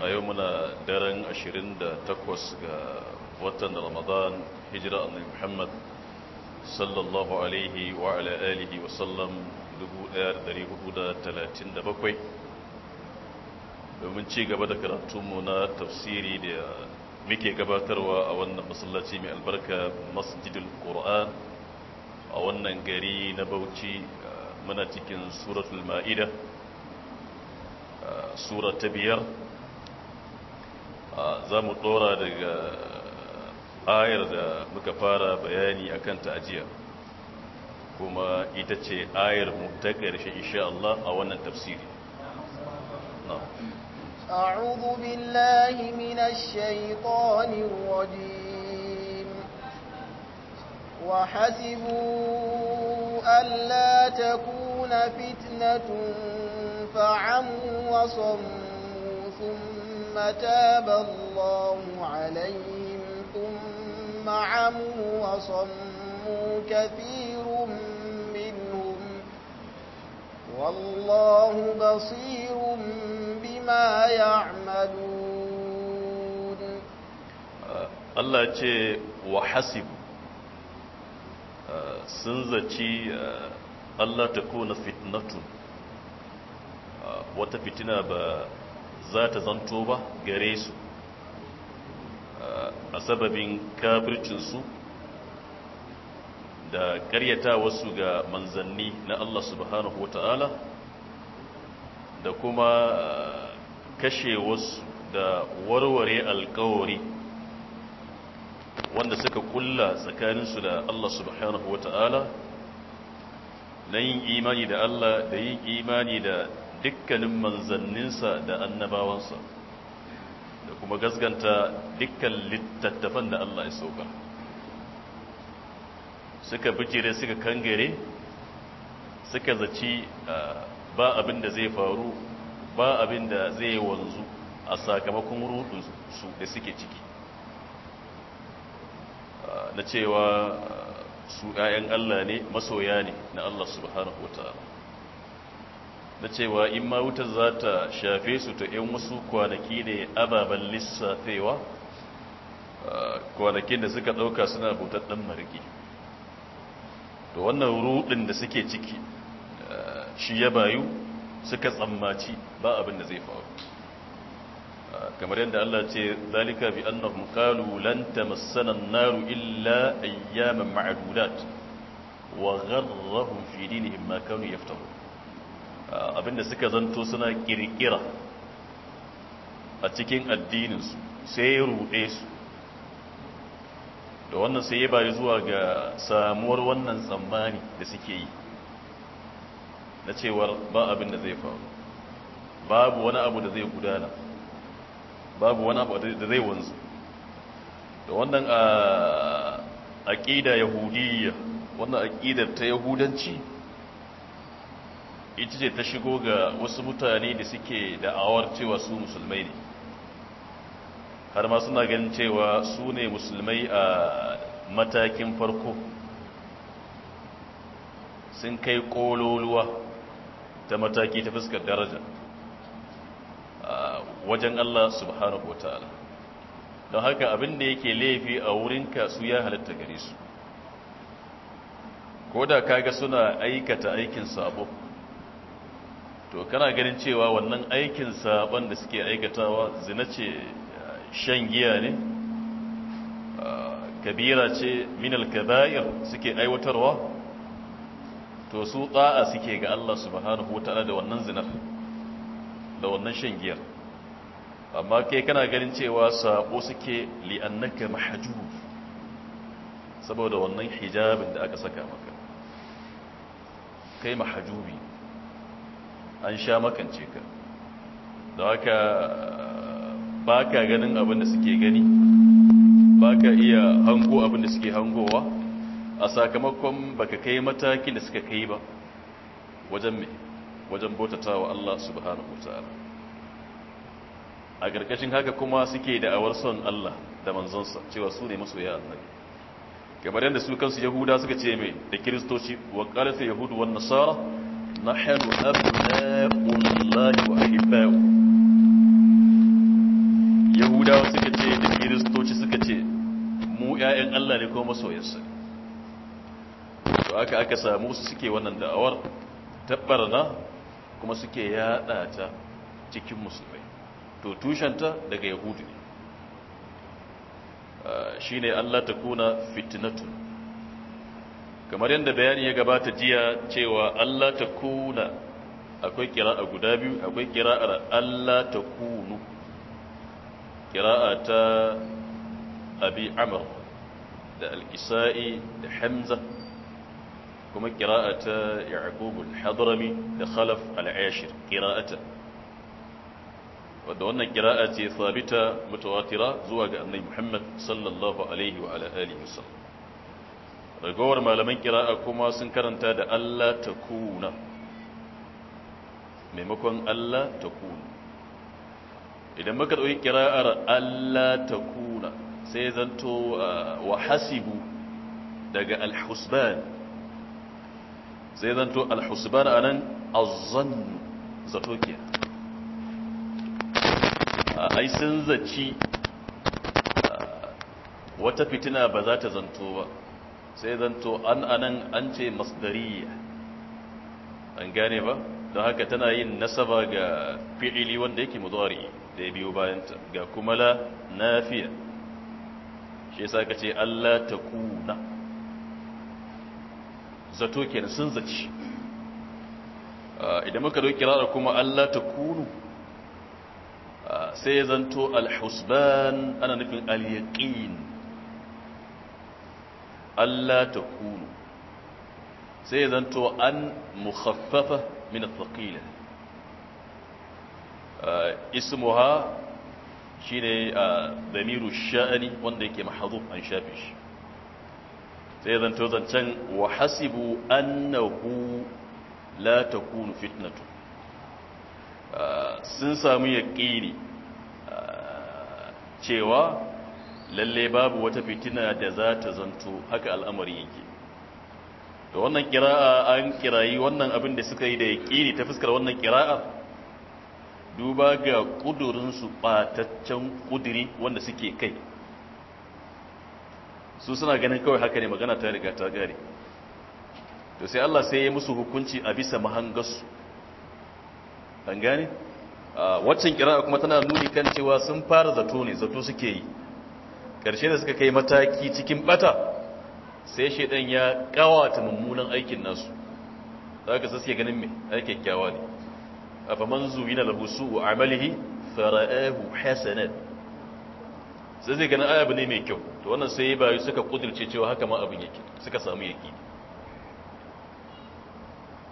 a yau muna daren 28 ga watan ramadan hijira annabi muhammad sallallahu alaihi wa ala alihi wa sallam 1437 domin ci gaba da mu na tafsiri da muke gabatarwa a wannan masallaci mai albarka masjidul qur'an a wannan gari na bauchi muna cikin suratul ma'ida sura ta biyar za mu ɗora daga ayar da muka fara bayani a kan ta'ajiya kuma ita ce ayar mu ta ƙarshe insha Allah a wannan tafsiri أعوذ بالله من الشيطان الرجيم وحسبوا ألا تكون فتنة فعموا وصموا ثم ثم تاب الله عليهم ثم عموا وصموا كثير منهم والله بصير بما يعملون الله ce wa hasib الله تكون Allah ta kona za ta zanto ba gare su a sababin kafircinsu da karyata wasu ga manzanni na Allah subhanahu ta'ala da kuma kashe wasu da warware alkawari wanda suka kulla tsakaninsu da Allah subhanahu ta'ala na yin imani da Allah da yin imani da dukkanin manzanninsa da annabawansa da kuma gasganta dukkan littattafan da Allah ya sauka suka bijire suka kangare suka zaci ba abin da zai faru ba abin da zai wanzu a sakamakon rudin su da suke ciki na cewa su 'ya'yan Allah ne masoya ne na Allah subhanahu wa ta'ala da cewa in ma wuta za ta shafe su ta ‘yan wasu kwanaki ne ababen lissafewa kwanakin da suka ɗauka suna bautar ɗan marigi to wannan ruɗin da suke ciki shi ya bayu suka tsammaci ba abin da zai faru kamar yadda Allah ce zalika bi annahum qalu lan tamassana an-naru illa ayyaman ma'dudat wa gharrahum fi dinihim ma kanu yaftarun abinda suka zanto suna kirkira a cikin addininsu sai ya ruɗe su da wannan sai ya bayi zuwa ga samuwar wannan tsammani da suke yi na cewar ba abin da zai faru babu wani abu da zai gudana babu wani abu da zai wanzu da wannan ah, aƙida yahudiyya wannan aƙidar ta yahudanci ita ce ta shigo ga wasu mutane da suke da'awar cewa su musulmai ne har ma suna ganin cewa su ne musulmai a matakin farko sun kai kololuwa ta mataki ta fuskar daraja wajen Allah subhanahu wataala don haka abin da yake laifi a wurinka su ya halitta gare su ko da kaga suna aikata aikin sabo to kana ganin cewa wannan aikin saban da suke aikatawa zina ce shan giya ne kabira ce minal kaba'ir suke aiwatarwa to su ta'a suke ga Allah subhanahu wata'ala da wannan zinar da wannan shan giyar amma kai kana ganin cewa sabo suke li'annaka mahjub saboda wannan hijabin da aka saka maka kai mahjubi an sha makance ka da haka ba ka ganin abin da suke gani ba ka iya hango abin da suke hangowa a sakamakon baka kai matakin da suka kai ba wajen mai wajen bautata wa Allah subhanahu wa ta'ala a ƙarƙashin haka kuma suke da awar son Allah da manzonsa cewa su ne masoya annabi kamar yadda su kansu yahuda suka ce mai da kiristoci wa ƙarfe yahudu wa nasara نحن أبناء الله وأحباء يهودا suka ce da kiristoci suka ce mu yayan Allah ne kuma masoyansa to aka samu suke wannan da'awar tabbarna kuma suke yada ta cikin musulmai to tushenta daga yahudu ne shine Allah ta kuna fitinatu. kamar yadda bayani ya gabata jiya cewa Allah ta kuna akwai kira'a guda biyu akwai kira'ar Allah ta kunu kira'a ta abi amr da al-isa'i da hamza kuma kira'a ta yakubu hadrami da khalaf al-ashir kira'ata wadda wannan kira'a ce sabita mutawatira zuwa ga annabi Muhammad sallallahu alaihi wa alihi wasallam ragowar malaman ƙira'a kuma sun karanta da Allah ta kuna maimakon Allah ta kuna idan muka ɗauki ƙira'ar Allah ta kuna sai zanto ah, wa hasibu daga alhusban sai zanto alhusban a nan azan zato ke ah, ai sun zaci ah, wata fitina ba za ta zanto ba sai zanto an anan an ce masdariya an gane ba don haka tana yin nasaba ga fi'ili wanda yake mudari da ya biyo bayanta ga kuma la nafiya shi yasa ka ce Allah ta kuna zato kenan sun zaci idan muka doki kirara kuma Allah ta kunu sai zan to alhusban ana nufin al-yaqin Allah ta kunu sai zanto an mukhaffafa min thaqila ismuha shine damiru sha'ani wanda yake mahdhuf an shafi shi sai zanto zancen wa hasibu annahu la takunu fitnatu sun samu yaqini cewa lalle babu wata fitina da za ta zanto haka al'amari yake da wannan kira'a an kirayi wannan abin da suka yi da kiri ta fuskar wannan kira'a duba ga ƙudurinsu ɓataccen ƙuduri wanda suke kai su suna ganin kawai haka ne magana ta riga ta gare to sai Allah sai ya musu hukunci a bisa mahangarsu an gane waccan kira'a kuma tana nuni kan cewa sun fara zato ne zato suke yi karshe da suka kai mataki cikin bata sai shaidan ya kawata mummunan aikin nasu zaka sai suke ganin me ai kyakkyawa ne afa man zuwina lahu su'u amalihi fara'ahu hasanat sai zai ganin ayabu ne mai kyau to wannan sai bayu suka kudirce cewa haka ma abin yake suka samu yaki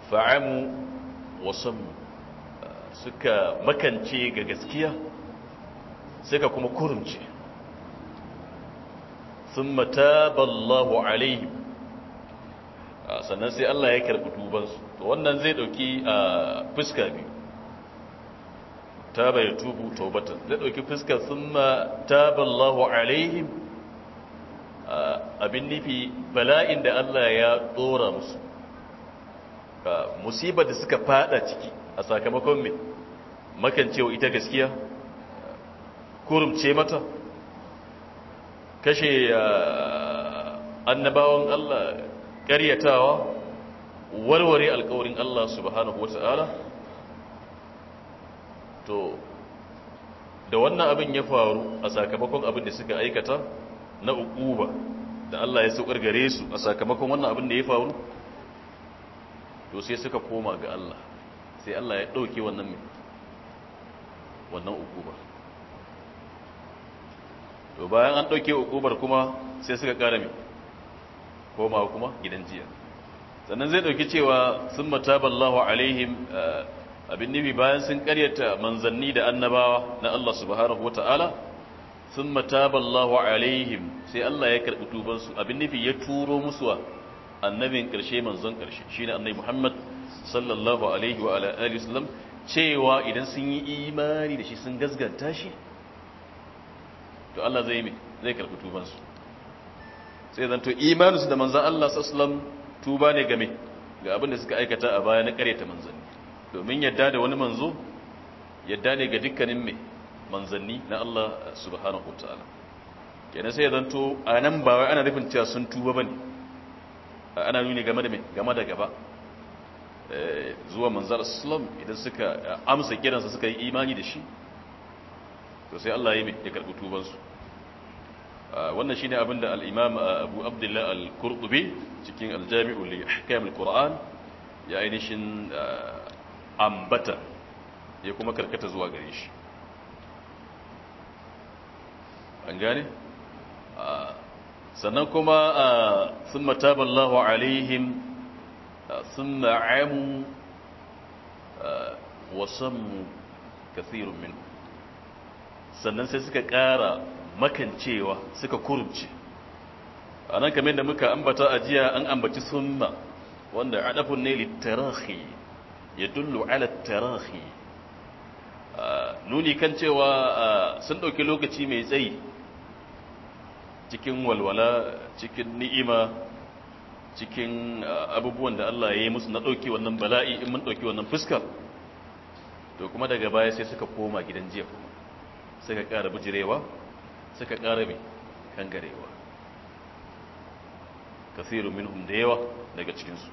fa'amu wasammu suka makance ga gaskiya suka kuma kurumce sun mataballahu alaihim ah, sannan sai Allah ya karɓi tubansu to wannan zai ɗauki a ah, fuska biyu Ta ya tubu taubatan zai ɗauki fuska sun mataballahu alaihim ah, abin nufi bala'in da Allah ya ɗora musu musibar da suka fada ciki a sakamakon mai makancewa ita gaskiya kurumce mata kashe ah, annabawan Allah ƙaryatawa warware alkawarin Allah subhanahu wata'ala to da wannan abin ya faru a sakamakon abin da suka aikata na ukuba da Allah ya saukar gare su a sakamakon wannan abin da ya faru to sai suka koma ga Allah sai Allah ya dauke wannan wannan ukuba to bayan an ɗauke ukubar kuma sai suka ƙara mai koma kuma gidan jiya sannan zai ɗauki cewa sun mataballahu alaihim eh, abin nufi bayan sun ƙaryata manzanni da annabawa na Allah subhanahu wa ta'ala sun mataballahu alaihim sai Allah ya karɓi tubansu abin nufi ya turo wa annabin ƙarshe manzon ƙarshe shi ne annabi muhammad sallallahu alaihi wa alaihi wasallam cewa idan sun yi imani da shi sun gasganta shi to Allah zai yi zai karɓi tubansu sai zan to imanusu da manzan Allah sassalam tuba ne game ga abin da suka aikata a baya na ta manzanni domin yadda da wani manzo yadda ne ga dukkanin mai manzanni na Allah subhanahu wa ta'ala kenan sai zan to a nan ba wai ana rufin cewa sun tuba ba ne ana nuni game da mai game da gaba eh, zuwa manzan Allah idan suka eh, amsa kiransa suka yi imani da shi sosai sai Allah ya ya karbi ah, wannan shine abin da al-Imam ah, Abu Abdullah al-Qurtubi cikin aljami'u li Ahkam al-Qur'an ya ainihin ah, ambata ya kuma karkata zuwa gare shi an gane sannan kuma sun mataballahu alaihim sun na'amu wasan mu kasirun minu sannan sai suka ƙara makancewa suka kurumce a nan kamar da muka ambata ajiya an ambaci sunna wanda adafin ne littarahi ya dullu ala littarahi nuni kan cewa sun ɗauki lokaci mai tsayi cikin walwala cikin ni'ima cikin abubuwan da Allah ya yi musu na ɗauki wannan bala'i in mun ɗauki wannan fuskar to kuma daga baya sai suka koma gidan jiya kuma suka ƙara bujirewa suka ƙara mai hangarewa kasirun minhum da yawa daga cikinsu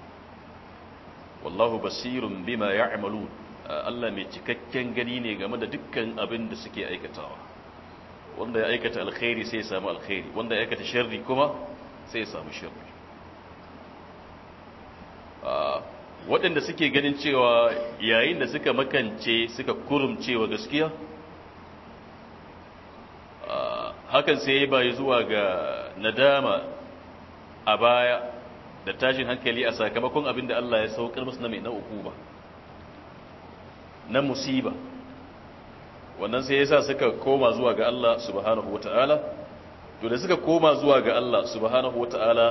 wallahu basirun bima ya'malun Allah mai cikakken gani ne game da dukkan abin da suke aikatawa wanda ya aikata alkhairi sai ya samu alkhairi wanda ya aikata sharri kuma sai ya samu sharri ah, waɗanda suke ganin cewa yayin da suka makance suka kurumcewa gaskiya hakan sai ya bayi zuwa ga nadama a baya da tashin hankali a sakamakon abin da Allah ya saukar musu na mai na uku ba na musiba wannan sai ya yasa suka koma zuwa ga Allah subhanahu wa ta'ala to da suka koma zuwa ga Allah subhanahu wa ta'ala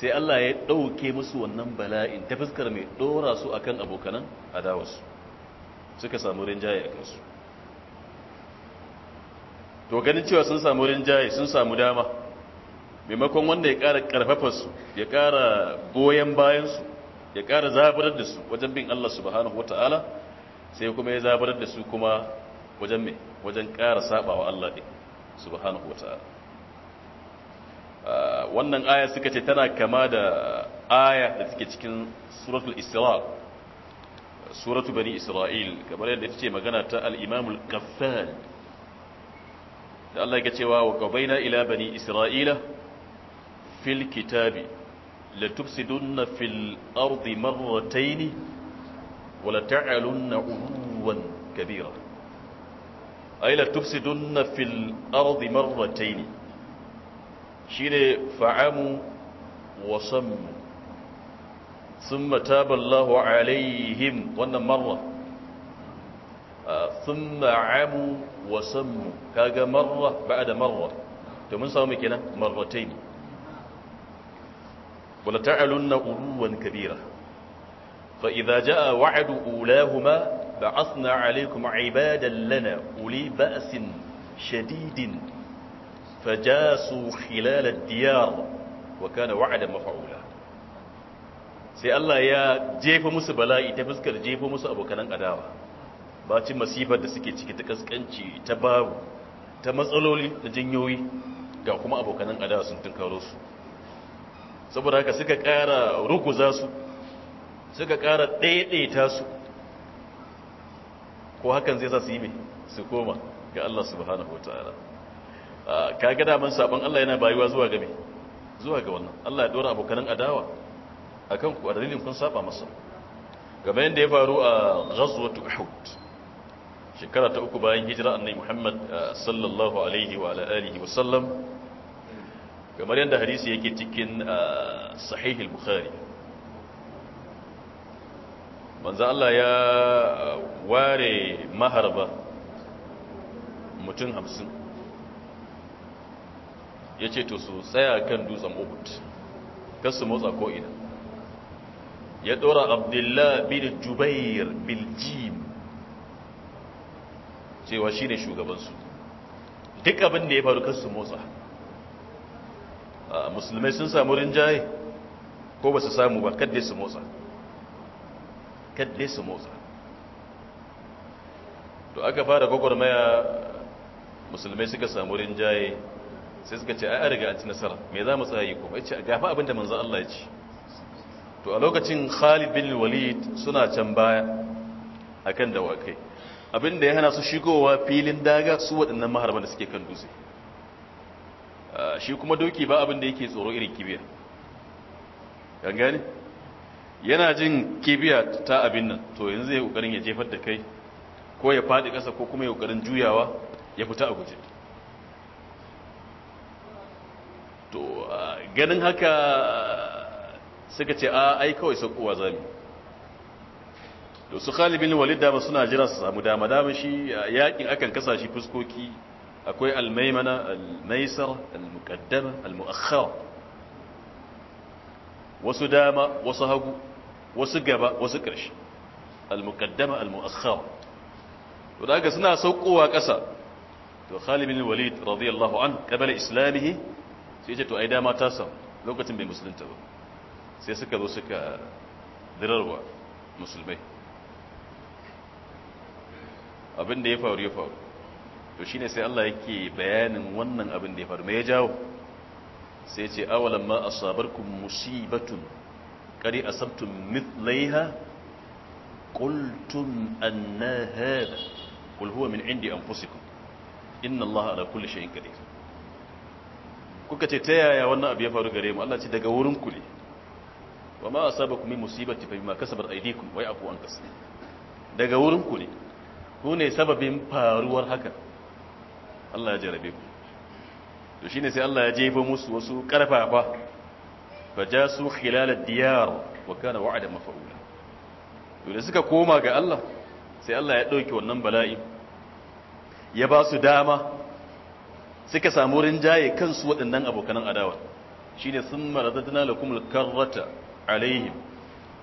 sai Allah ya ɗauke musu wannan bala'in ta fuskar mai dora su akan abokanan adawarsu suka samu rinjaye a kansu to ganin cewa sun samu rinjaye sun samu dama maimakon wanda ya kara karfafarsu ya kara goyon bayansu ya kara zabarar da su wajen bin Allah subhanahu wa ta'ala sai kuma ya zabarar da su kuma wajen mai wajen ƙara saɓawa Allah ɗin subhanahu wa ta'ala ah, wannan aya suka ce tana kama da aya da take cikin suratul isra suratu bani isra'il kamar yadda ita ce magana ta al-imamul kaffal da Allah ya cewa wa gabaina ila bani isra'ila fil kitabi la tufsidunna fil ardi marratayn wa la ta'alunna uwan kabira ay la tufsidunna fil ardi marratayn shine fa'amu wa sammu thumma taba alaihim wannan marra thumma amu wa sammu kaga marra ba'da marra to mun samu kenan marratayn wala ta'alunna uruwan kabira fa idza jaa wa'du ulahuma ba'athna 'alaykum 'ibadan lana uli ba'sin shadidin fajasu khilal ad-diyar wa kana wa'dan maf'ula sai Allah ya jefa musu bala'i ta fuskar jefa musu abokan adawa bacin masifar da suke ciki ta kaskanci ta babu ta matsaloli da jinyoyi ga kuma abokanin adawa sun tunkaro su saboda haka suka ƙara ruguza su suka ƙara ɗaiɗaita su ko hakan zai sa su yi mai su koma ga Allah subhanahu wa ta'ala ka gada man sabon Allah yana bayuwa zuwa ga mai zuwa ga wannan Allah ya dora abokanin adawa akan ku a dalilin kun saba masa game yadda ya faru a ghazwat uhud shekara ta uku bayan hijira annabi Muhammad eh, sallallahu alaihi wa alihi wasallam kamar yadda hadisi yake cikin eh, sahih al-bukhari manzo Allah ya eh, ware maharba mutum hamsin ya ce to su tsaya kan dutsen ubud kan su motsa ko'ina ya ɗora abdullahi bin jubair biljim cewa shi ne shugabansu duk abin da ya faru kansu motsa musulmai sun samu rinjaye ko ba su samu ba kadai su motsa kadai su motsa to aka fara gwagwarmaya musulmai suka samu rinjaye sai suka ce ai ariga an ci nasara me za mu tsaye kuma ya ce gafa abinda manzo Allah ya ci to a lokacin Khalid bin Walid suna can baya akan dawakai abin da ya hana su shigowa filin daga su waɗannan maharban da suke kan dutse shi kuma doki ba abin da yake tsoro irin kibiya kan yana jin kibiya ta abin nan to yanzu ya ƙoƙarin ya jefar da kai ko ya faɗi ƙasa ko kuma ya ƙoƙarin juyawa ya fita a guje to ganin haka suka ce a ai kawai sakowa zami to su khalibin bin Walid da suna jira su samu dama dama shi yakin akan kasa shi fuskoki akwai almaimana almaisar al-maisar al wasu dama wasu hagu wasu gaba wasu ƙarshe al-muqaddama al-muakhkhar to daga suna saukowa kasa to khalibin bin Walid radiyallahu an qabala islamihi sai ce to ai dama ta sa lokacin bai musulunta ba sai suka zo suka dirarwa musulmai abin da ya faru ya faru to shine sai Allah yake bayanin wannan abin da ya faru me ya jawo sai ce awalan ma asabarkum musibatun qari asabtum mithlaiha qultum anna hada qul huwa min indi anfusikum inna Allah ala kulli shay'in qadir kuka ce ta yaya wannan abu ya faru gare mu Allah ce daga wurin ku ne wa ma asabakum min musibati fa bima kasabat aydikum wa ya'fu an kasir daga wurin ku ne ku ne sababin faruwar haka Allah ya jarabe ku to shine sai Allah ya jefa musu wasu karfafa fajasu khilal ad-diyar wa kana wa'da maf'ula to da suka koma ga Allah sai Allah ya dauki wannan bala'i ya ba su dama suka samu rinjaye kansu waɗannan abokanan adawa shine sun radadna lakum al-karrata alaihim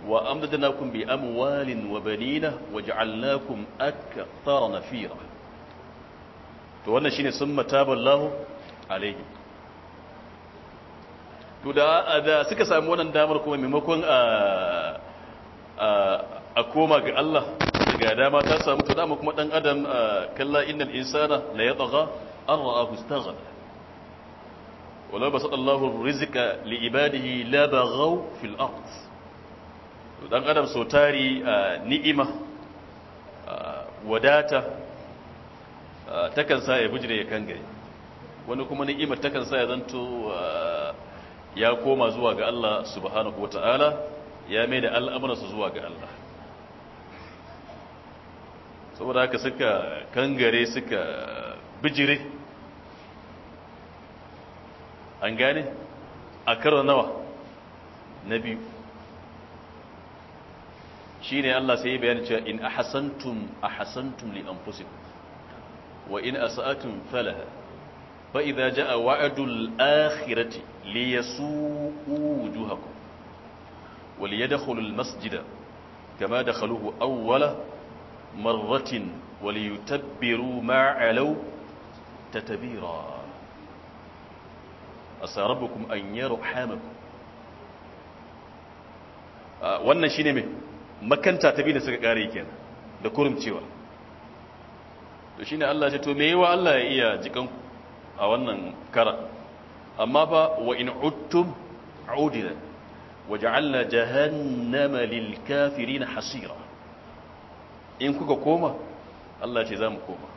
وأمددناكم بأموال وبنين وجعلناكم أكثر نفيرا to wannan shine sun mataban lahu alaihi to da da suka samu wannan damar kuma maimakon a a koma ga Allah daga dama ta samu to dama kuma dan adam kalla innal insana la yatgha an ra'ahu istaghna wala basata Allahu rizqa li ibadihi la baghaw fil ardh to dan adam so tari ni'ima wadata takan sa ya bujire ya kangare wani kuma ni'imar takan sa ya zanto ya koma zuwa ga Allah subhanahu wata'ala ya mai da al'amuransa zuwa ga Allah saboda haka suka kangare suka bijire an gane a karo nawa na biyu shine Allah sai ya bayyana cewa in ahsantum ahsantum li anfusikum wa in asa'atum falaha fa idza jaa wa'dul akhirati li yasuu wujuhakum wa li yadkhulul masjida kama dakhaluhu awwala marratin wa li yutabbiru ma 'alaw tatbira asarabukum an yarhamakum wannan shine mai makanta ta bi da suka kare kenan da kurumcewa to shine Allah ya to me yawa Allah ya iya jikan a wannan kara amma fa wa in uttum udina na jahannama lil kafirin hasira in kuka koma Allah ce za mu koma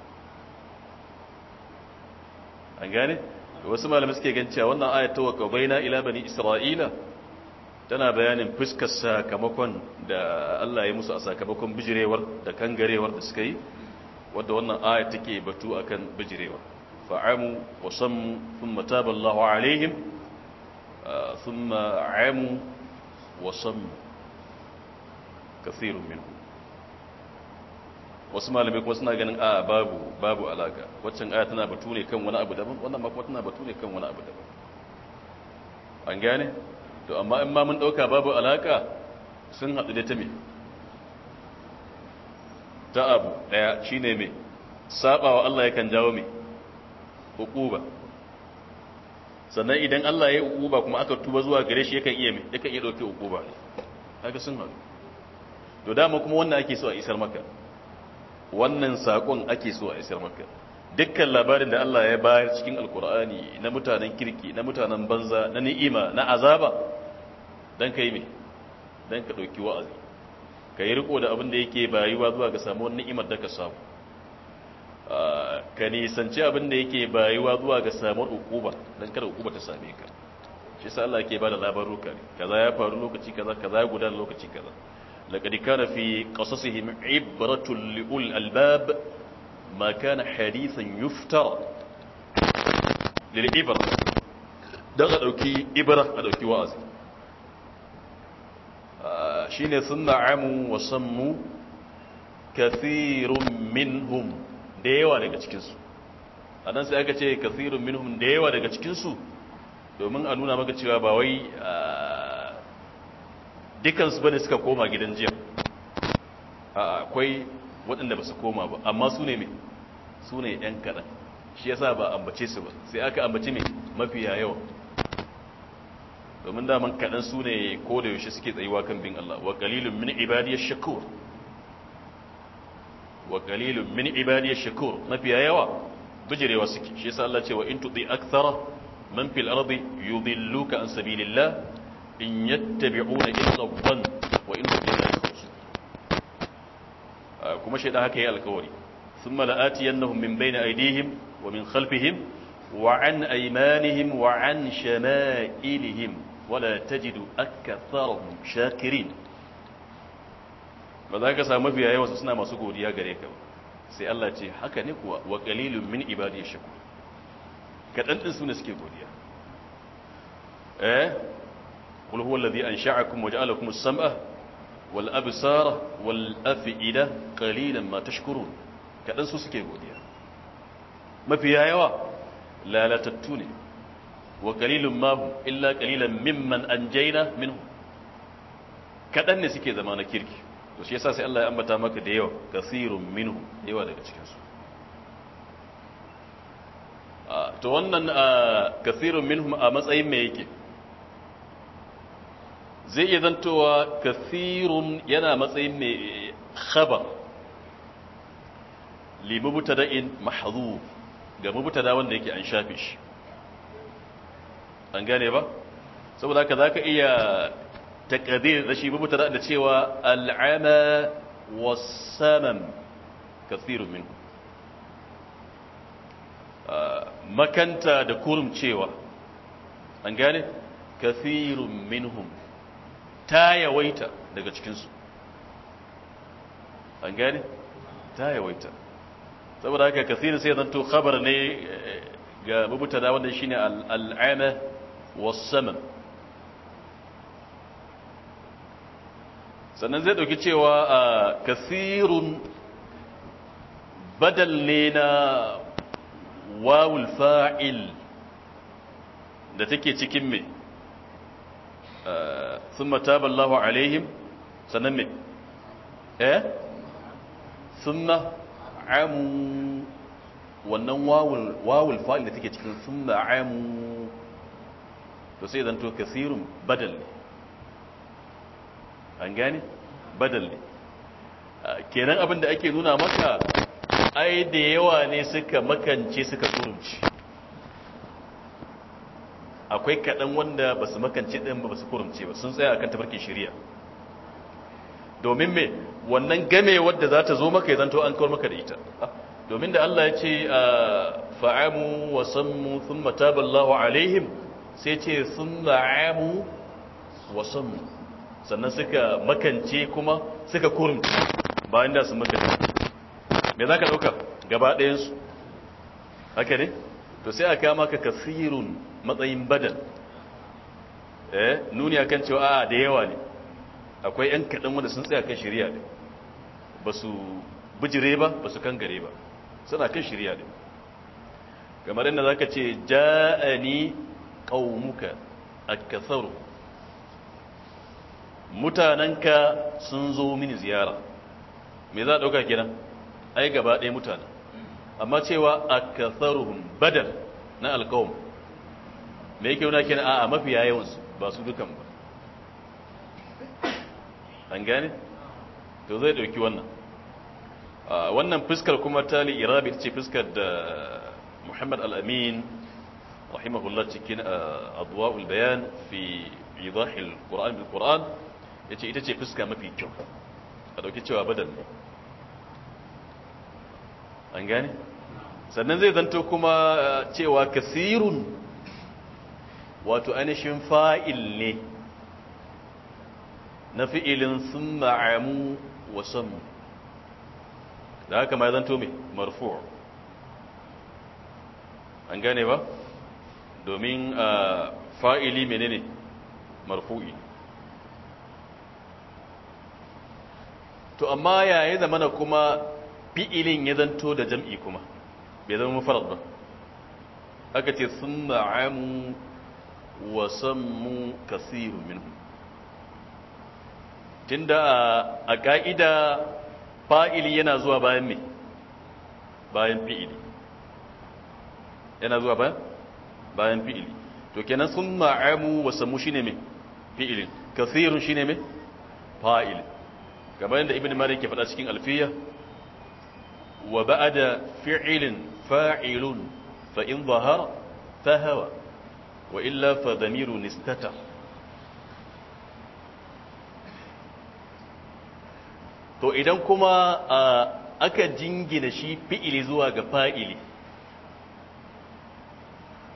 an gane wasu malamai suke gancewa wannan ayat ta wa qabaina ila bani isra'ila tana bayanin fuskar sakamakon da Allah ya musu a sakamakon bijirewar da kangarewar da suka yi wadda wannan aya take batu akan bijirewa fa'amu wa sammu thumma taba Allahu alaihim uh, thumma amu wa sammu kathirun minhum wasu malamai kuma suna ganin a babu babu alaka waccan aya tana batu ne kan wani abu daban wannan ma kuma tana batu ne kan wani abu daban an gane to amma in ma mun dauka babu alaka sun hadu da ta me ta abu daya shine me sabawa Allah yakan jawo me hukuba sannan idan Allah ya yi hukuba kuma aka tuba zuwa gare shi yakan iya me yakan iya dauke hukuba kaga sun hadu to dama kuma wannan ake so a isar maka wannan sakon ake so a isar maka dukkan labarin da Allah ya bayar cikin alkur'ani na mutanen kirki na mutanen banza na ni'ima na azaba dan kai me dan ka dauki wa'azi ka yi riko da abin da yake bayuwa zuwa ga samuwar ni'imar da ka samu ah, ka nisanci abin da yake bayuwa zuwa ga samuwar ukuba dan kada ukuba ta same ka shi sa Allah yake da labaruka ne kaza ya faru lokaci kaza kaza ya gudana lokaci kaza fi لقد كان في albab ma kana hadithan ما lil ibra da ka dauki ibra ka dauki wa'azi. shine sunna amu wa sammu kathirun minhum da yawa daga cikinsu a nan sai aka ce kathirun minhum da yawa daga cikinsu domin a nuna maka cewa ba wai dukansu ne suka koma gidan jiya akwai waɗanda ba su koma ba amma su ne mai su ne 'yan kaɗan shi yasa ba ambace su ba sai aka ambace mai mafiya yawa domin daman kaɗan su ne ko da yaushe suke tsayuwa kan bin Allah wa qalilun min ibadiyash shakur wa qalilun min ibadiyash shakur mafiya yawa bijirewa suke shi yasa Allah ce wa in tudi akthara man fil ardi yudilluka an sabilillah in yattabi'una illa dhann wa in hum illa yakhrusun ah, kuma haka yi alkawari thumma la'atiyannahum min bayni aydihim wa min khalfihim وعن أيمانهم وعن شمائلهم wala tajidu aktharahum shakirin ba za ka samu mafiya yawansu suna masu godiya gare ka sai Allah ce haka ne kuwa wa qalilun min ibadi shakur kadan din su ne suke godiya eh qul huwa alladhi ansha'akum wa ja'alakum as-sam'a wal absara wal af'ida qalilan ma tashkurun kadan su suke godiya mafiya yawa lalatattu ne wa qalilun ma hum illa qalilan mimman anjayna minhum kadan ne suke zama na kirki to shi yasa sai Allah ya ambata maka da yawa kasirun minhum yawa daga cikin su to wannan kasirun minhum a matsayin me yake zai iya zantowa kasirun yana matsayin mai khabar Li butada'in mahzuf ga mubtada wanda yake an shafe shi an gane ba saboda haka zaka iya taqdir da shi mubutada da cewa al'ama was-samam min ah, makanta da kurum cewa an gane kathirun minhum ta yawaita daga cikinsu an gane ta yawaita saboda haka kathirun sai zanto khabar ne eh, ga mubutada wanda shine al'ama wasamam sannan zai ɗauki cewa a kasirun badal ne na wawul fa'il da take cikin mai sun mataballahu alaihim sannan mai eh sun amu wannan wawul fa'il da take cikin sun na amu to sai zanto kasirun badal ne an gane badal ne ah, kenan abin da ake nuna maka ai da yawa ne suka makance suka kurumci akwai kaɗan wanda ba su makance ɗin ba su kurumce ba sun tsaya akan tafarkin shirya domin me wannan game wadda za ta zo maka ya zanto an kawar maka da ita ah, domin da Allah ya ce ah, fa'amu wa sammu thumma taballahu alaihim sai ce sun ba'amu wa sannu sannan suka makance kuma suka kurumci bayan da su makance me za ka ɗauka gaba ɗayansu haka ne to sai a kama ka kasirun matsayin badan. eh nuni akan cewa a da yawa ne akwai yan kaɗan wanda sun tsaye kan shirya ne ba su bijire ba ba su kangare ba suna kan shirya ne kamar yadda za ka ce ja'ani qaumuka akatharu mutananka sun zo mini ziyara me za dauka kenan ai gaba ɗaya mutane amma cewa akatharuhum badal na alqaum me yake nuna kenan a'a mafiya yawan su ba su dukan ba an gane to zai dauki wannan wannan fuskar kuma tali irabi ce fuskar da Muhammad al-Amin rahimahullah cikin eh, adwa'ul bayan fi idahil qur'an bil qur'an yace ita ce fuska mafi kyau a dauki cewa badal ne an gane sannan zai zanto kuma eh, cewa kasirun wato anishin fa'il ne na fi'ilin sun ma'amu wa sanmu da haka ma zanto me. marfu an gane ba domin uh, fa'ili menene marfu'i to amma yaya zamana kuma fi'ilin ya zanto da jam'i kuma bai zama mafarar ba aka ce sun ma'amu wasanmu kasiru minhu tunda a ƙa'ida fa'ili yana zuwa bayan me bayan fi'ili yana zuwa bayan bayan fi'ili to kenan sun ma'amu wa samu shine mai fi'ilin kathirun shine mai fa'il kamar yadda ibn malik ke faɗa cikin alfiya wa ba'da fi'ilin fa'ilun fa in zahara ta hawa wa illa fa damiru istatar to idan kuma aka jingina shi fi'ili zuwa ga fa'ili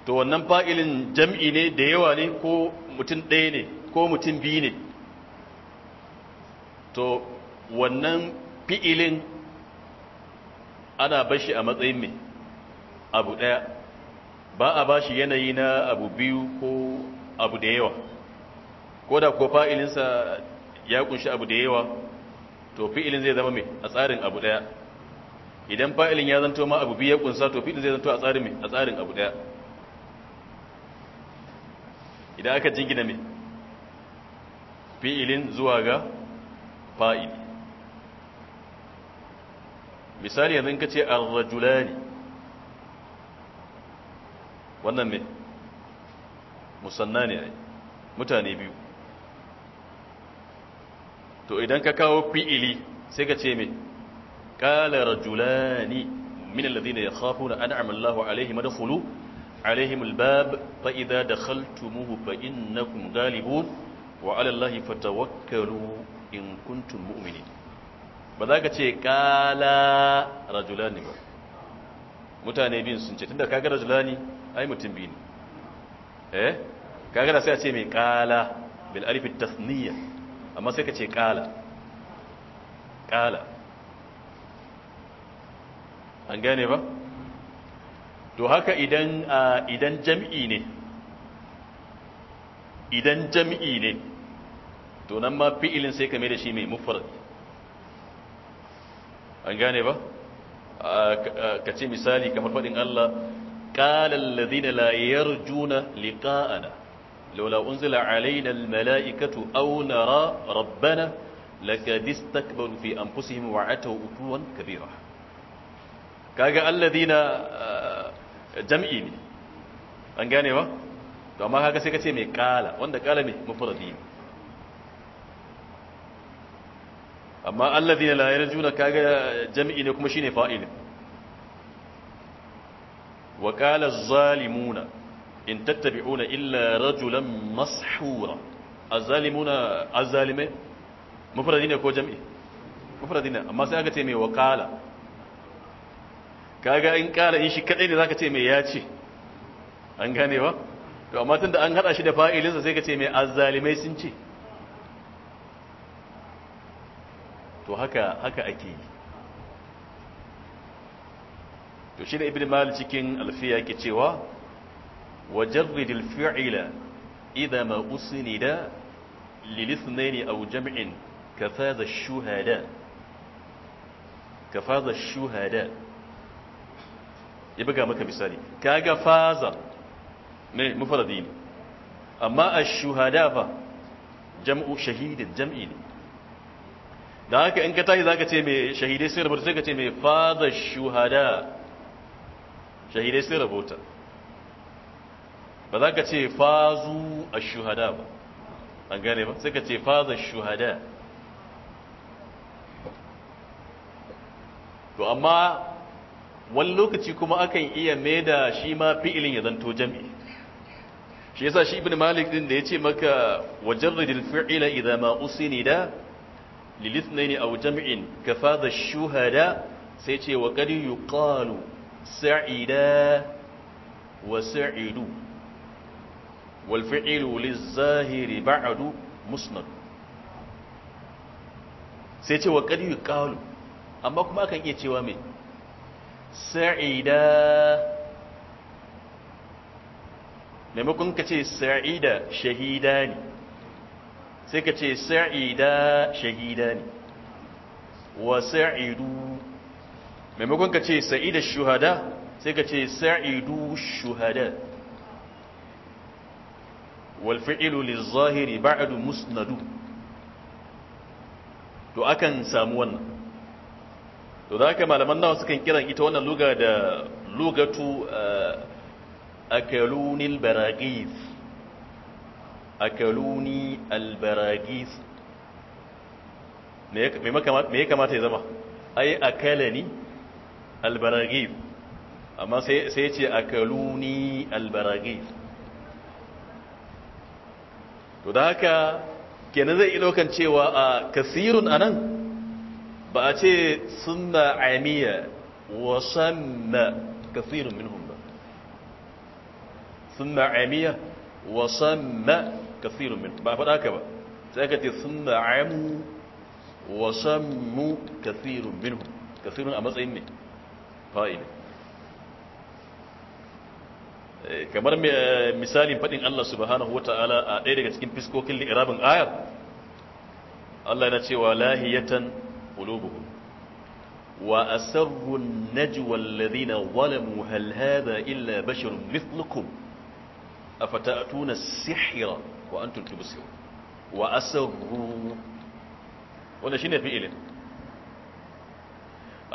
to wannan fa'ilin jam'i ne da yawa ne ko mutum ɗaya ne ko mutum biyu ne to wannan fi'ilin ana bashi a matsayin mai abu ɗaya ba a bashi yanayi na abu biyu ko abu da yawa ko da ko fa'ilinsa ya kunshi abu da yawa to fi'ilin zai zama mai a tsarin abu ɗaya idan fa'ilin ya zanto ma abu biyu ya kunsa to fi'ilin zai zanto a tsarin mai a tsarin abu ɗaya idan aka jingina mai fi'ilin zuwa ga fa'ili misali yanzu ka ce arrajulani wannan mai musanna ne mutane biyu to idan ka kawo fi'ili sai ka ce mai ƙala rajulani min alladhina yakhafuna an'ama Allahu alaihim madkhulu عليهم الباب فإذا دخلتموه فإنكم غالبون وعلى الله فتوكلوا إن كنتم مؤمنين بذلك قال رجلان mutane biyun sun ce tunda kaga rajulani ai mutum biyu ne eh kaga da sai a ce mai qala bil alif tasniya amma sai ka an gane ba to haka idan idan jami'i ne idan jami'i ne to nan ma fi'ilin sai mai da shi mai mufrad an gane ba ka ce misali kamar fadin Allah قال الذين لا يرجون لقاءنا لولا أنزل علينا الملائكة أو نرى ربنا لقد استكبروا في أنفسهم وعتوا أتوا كبيرا كاغا الذين jam'i ne an gane ba to amma kaga sai ka ce mai kala wanda kala ne mufradi ne amma alladhina la yarjuna kaga jam'i ne kuma shine fa'ilin wa qala az-zalimuna in tattabi'una illa rajulan mashura az-zalimuna az-zalimin mufradi ne ko jam'i mufradi ne amma sai aka ce mai wa qala kaga in kara in shi kaɗai ne za ka ce mai ya ce an gane ba to amma tun da an haɗa shi da fa'ilinsa sai ka ce mai azzalimai sun ce to haka haka ake yi to shi da ibn mal cikin alfiya yake cewa wajarrid alfi'ila idha ma usnida lil ithnayn aw jam'in kafaza ash-shuhada kafaza ash-shuhada ya buga maka misali kaga faza ne mufaradi ne amma ash-shuhada fa jam'u shahidin jam'i ne da haka in ka tashi zaka ce mai shahidai sun rubuta sai ka ce me faza shuhada shahidai sun rubuta ba za ka ce fazu ash-shuhada ba an gane ba sai ka ce faza shuhada to amma wani lokaci kuma akan iya mai da shi ma fi'ilin ya zanto jam'i shi yasa shi ibn malik din da ya ce maka wajen wajarradil fi'ila idan ma usini da lilithnaini aw jam'in ka da shuhada sai ce wa qad yuqalu sa'ida wa sa'idu wal fi'ilu zahiri ba'du musnad sai ce wa qad yuqalu amma kuma akan iya cewa mai sa'ida maimakon ka ce sa'ida shahida ne sai ka ce sa'ida shahida ne wa sa'idu maimakon ka ce sa'ida shuhada sai ka ce sa'idu shuhada walfi'ilu lizzahiri ba'adu musnadu to akan samu wannan to da haka malaman nawa sukan kiran ita wannan luga da lugatu akalunil eh, baragis akaluni albaragis me ya kamata ya zama ai akalani albaragis amma sai ce akaluni albaragis to da haka kenan zai ilokan cewa a kasirun anan ba a ce sunna amiya wa na kasirin minhum ba sunna amiya wa na kasirin minhum ba faɗa ka ba sai ka ce summa aimu wa mu kasirin minhum kasirin a matsayin ne fa'ida eh, kamar eh, misalin faɗin Allah subhanahu wata'ala a ɗaya daga cikin fiskokin li'irabin ayar Allah yana cewa lahiyatan قلوبهم وأسروا النجوى الذين ظلموا هل هذا إلا بشر مثلكم أفتأتون السحر وأنتم تبصرون وأسروا ولا في فعل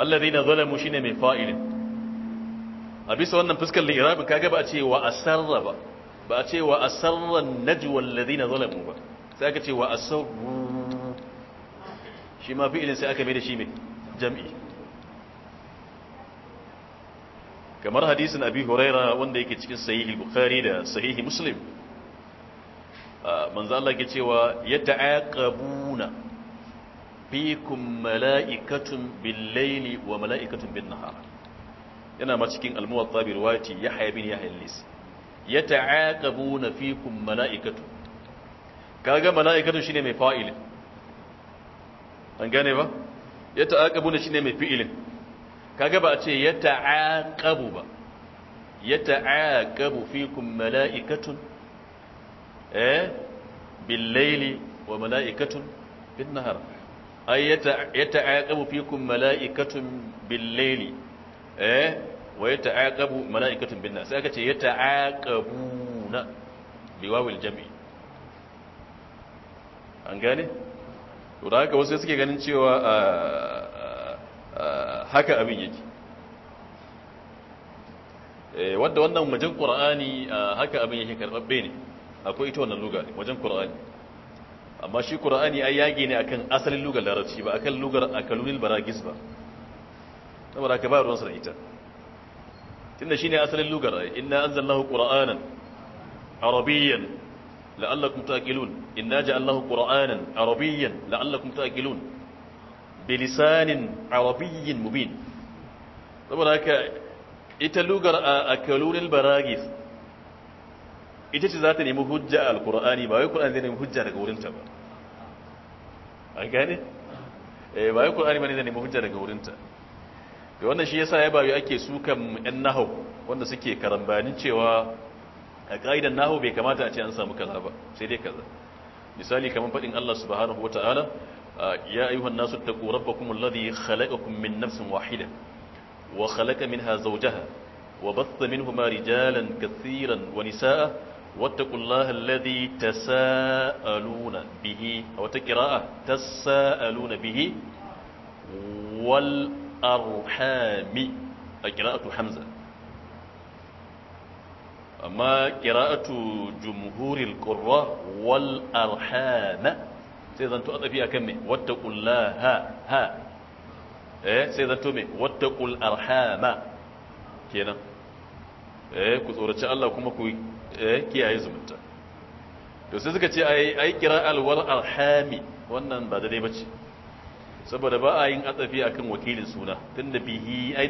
الذين ظلموا شنة من فائل a bisa wannan fuskar lirabin kaga وأسر a ce wa asarra وأسر ba a shi ma fi'ilin sai aka mai da shi mai jam'i kamar hadisin abi huraira wanda yake cikin sahihi bukhari da sahihi muslim manzo Allah ke cewa yata'aqabuna fikum mala'ikatun bil-laili wa mala'ikatun bin-nahar yana ma cikin al-muwatta bi riwayati yahya bin yahya al-lis yata'aqabuna fikum mala'ikatun kaga mala'ikatun shine mai fa'ilin an gane ba ya ta'aqabu ne shine mai fi'ilin kaga ba a ce ya ta'aqabu ba ya ta'aqabu fiikum mala'ikatun eh bil layli wa mala'ikatun bin nahar ay ya ta'aqabu fiikum mala'ikatun bil layli eh wa ya ta'aqabu mala'ikatun bin nahar sai aka ce ya ta'aqabuna biwawil jam'i an gane to da haka wasu suke ganin cewa ah, ah, ah, haka abin yake eh, wadda wannan wajen ƙura'ani haka abin yake karɓaɓɓe ne akwai ita wannan lugar wajen ƙura'ani amma shi ƙura'ani ai yage ne akan asalin lugar larabci ba akan lugar akalunin baragis ba saboda haka ba ruwan da ita tunda shi ne asalin lugar inna an zallahu ƙura'anan arabiyyan la'allakum taqilun inna ja'alnahu qur'anan arabiyyan la'allakum taqilun bilisanin arabiyyin mubin saboda haka ita lugar a kaluril baragis ita ce za ta nemi hujja a alkur'ani ba wai kur'ani zai nemi hujja daga wurinta ba an gane ba ba nemi hujja daga wurinta da wannan shi yasa ya bayu ake sukan yan nahau wanda suke karambanin cewa a ƙa'idan nahu bai kamata a ce an samu kaza ba sai dai kaza misali kamar faɗin Allah subhanahu ta'ala ah, ya ayyuhan nasu taqu rabbakum alladhi khalaqakum min nafsin wahida wa khalaqa minha zawjaha wa batha minhuma rijalan katiran wa nisaa wattaqullaha alladhi tasaaluna bihi aw taqra'a tasaaluna bihi wal arhami a qira'atu hamza amma qira'atu jumhuril qurra wal arham sai zanto a tafi akan me wattaqullaha ha eh sai zanto me wattaqul arhama kenan eh ku tsoraci Allah kuma ku kiyaye zumunta to sai suka ce ai ai qira'al wal arhami wannan ba daidai bace saboda ba a yin atsafi akan wakilin suna tunda bihi ai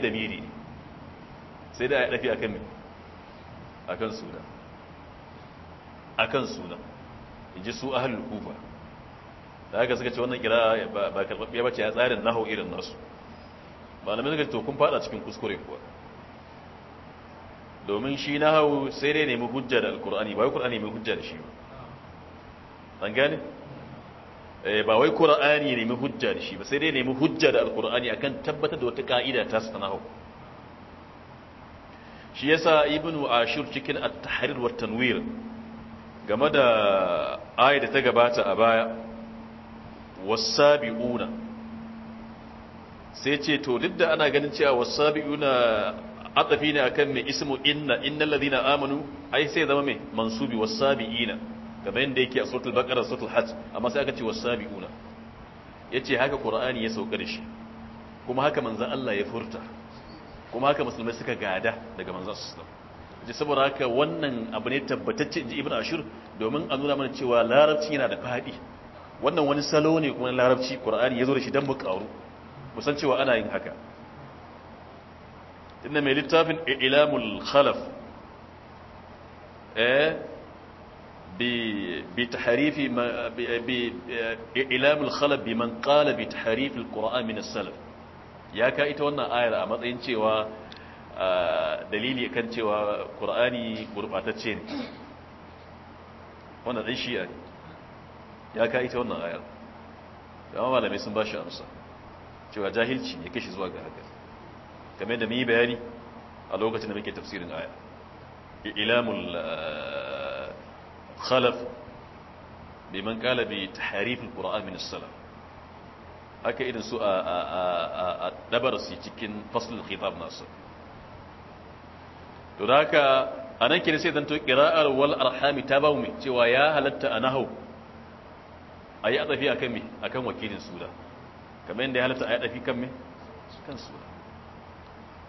sai akan akan suna akan suna in ji su ahalul kufa da aka suka ce wannan kira ba karɓaɓɓiya ba ce ya tsarin nahau irin nasu malamai suka ce to kun fada cikin kuskure kuwa domin shi nahau sai dai nemi hujja da alkur'ani ba wai kur'ani mai hujja da shi ba an gane eh, ba wai kur'ani nemi hujja da shi ba sai dai nemi hujja da alkur'ani akan tabbatar da wata ka'ida ta nahau shi yasa ibnu ashur cikin at-tahrir wa tanwir game da ayat da ta gabata a baya wasabiuna sai ce to duk da ana ganin cewa wasabiuna atafi ne akan mai ismu inna innal ladina amanu ai sai zama mai mansubi wasabiina kamar yadda yake a suratul baqara suratul hajj amma sai aka ce wasabiuna yace haka qur'ani ya sauka da shi kuma haka manzon Allah ya furta kuma haka musulmai suka gada daga manzon sallallahu alaihi saboda haka wannan abu ne tabbatacce inji ibnu ashur domin a nuna mana cewa larabci yana da fadi wannan wani salo ne kuma larabci qur'ani yazo da shi dan mu musan cewa ana yin haka inna mai littafin ilamul khalaf eh, eh khalaf bi man qala bi tahrifi بتحريف min as salaf. ya ka ita wannan ayar a matsayin cewa dalili kan cewa ƙur'ani gurɓatacce ne wannan ɗin shi'a ya ka ita wannan ayar amma malamai sun ba shi amsa cewa jahilci ne kashi zuwa ga haka game da yi bayani a lokacin da muke tafsirin aya ilamul khalaf biman kala bi tahrif alquran min as haka irin su a dabarasi cikin faslul khitab nasu to da haka a nan kira sai zanto ƙira'ar wal arhami ta ba mu cewa ya halatta a nahau a yi atafi a kan me a kan wakilin sura kamar yadda ya halatta a yi atafi kan me kan sura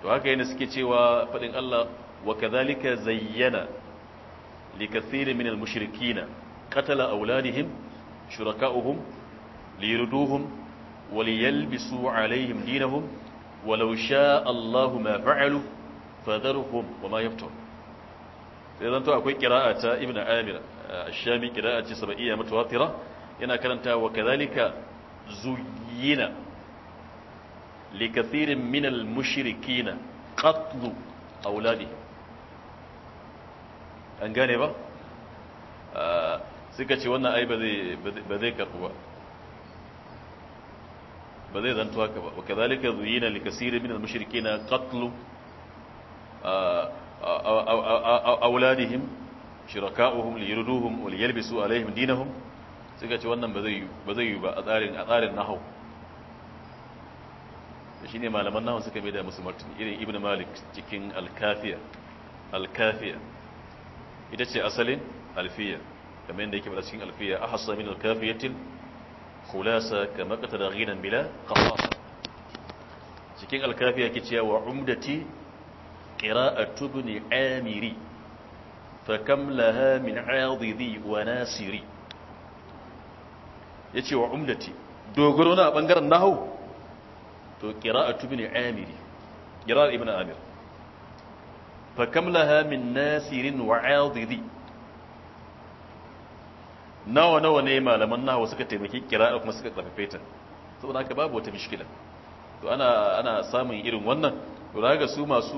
to haka yana suke cewa faɗin Allah wa kadhalika zayyana li kathirin min al mushrikina qatala awladihim shuraka'uhum liyurduhum وليلبسوا عليهم دينهم ولو شاء الله ما فعلوا فذرهم وما يفترون idan to akwai qira'a ta ibnu amir ash-shami qira'a ce sab'iyya mutawatira yana karanta wa kadhalika zuyyina likathirin min al-mushrikeena qatlu awladihim an gane ba suka ce wannan ai ba zai ba zai karbu ba ba zai zanto haka ba wakazalika zuyina likasirin min al-mushrikeena qatlu auladihim shiraka'uhum liyurduhum wa liyalbisu alaihim dinahum suka ce wannan ba zai ba zai ba a tsarin a tsarin nahwu shine malaman nahwu suka mai da musu martini irin ibn malik cikin al-kafiya al-kafiya ita ce asalin alfiya kamar yadda yake bada cikin alfiya ahassa min al-kafiyatin خلاصة كما قتل bila بلا قصاصة cikin alkafiya ke cewa umdati qira'atu ibn amiri fa kam laha min 'adidi wa nasiri yace wa umdati dogaro na bangaren nahwu to qira'atu ibn amiri qira'at ibn amir fa kam nasirin wa nawa nawa ne malaman nawa suka taimaki kira'a kuma suka karfafe ta saboda haka babu wata mishkila to ana ana samun irin wannan to daga su masu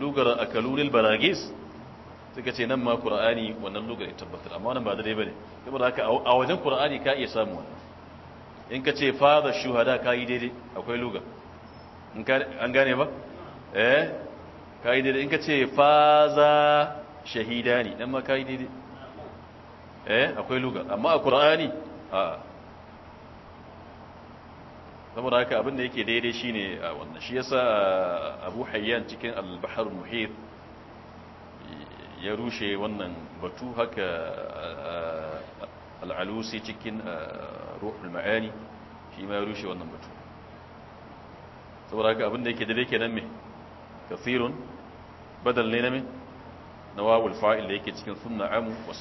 lugar akalulil baragis suka ce nan ma qur'ani wannan lugar ita tabbatar amma wannan ba da dai bane saboda haka a wajen qur'ani ka iya samu wannan in ka ce fada shuhada ka yi daidai akwai lugar an gane ba eh ka yi daidai in ka ce faza shahidani nan dan ma ka yi daidai eh akwai luga amma a qur'ani a saboda haka abin da yake daidai shine wannan shi yasa abu hayyan cikin al-bahr muhit ya rushe wannan batu haka al-alusi cikin al ma'ani shi ma ya rushe wannan batu saboda haka abin da yake daidai kenan me kathirun badal ne na me nawawul fa'il da yake cikin sunna amu wa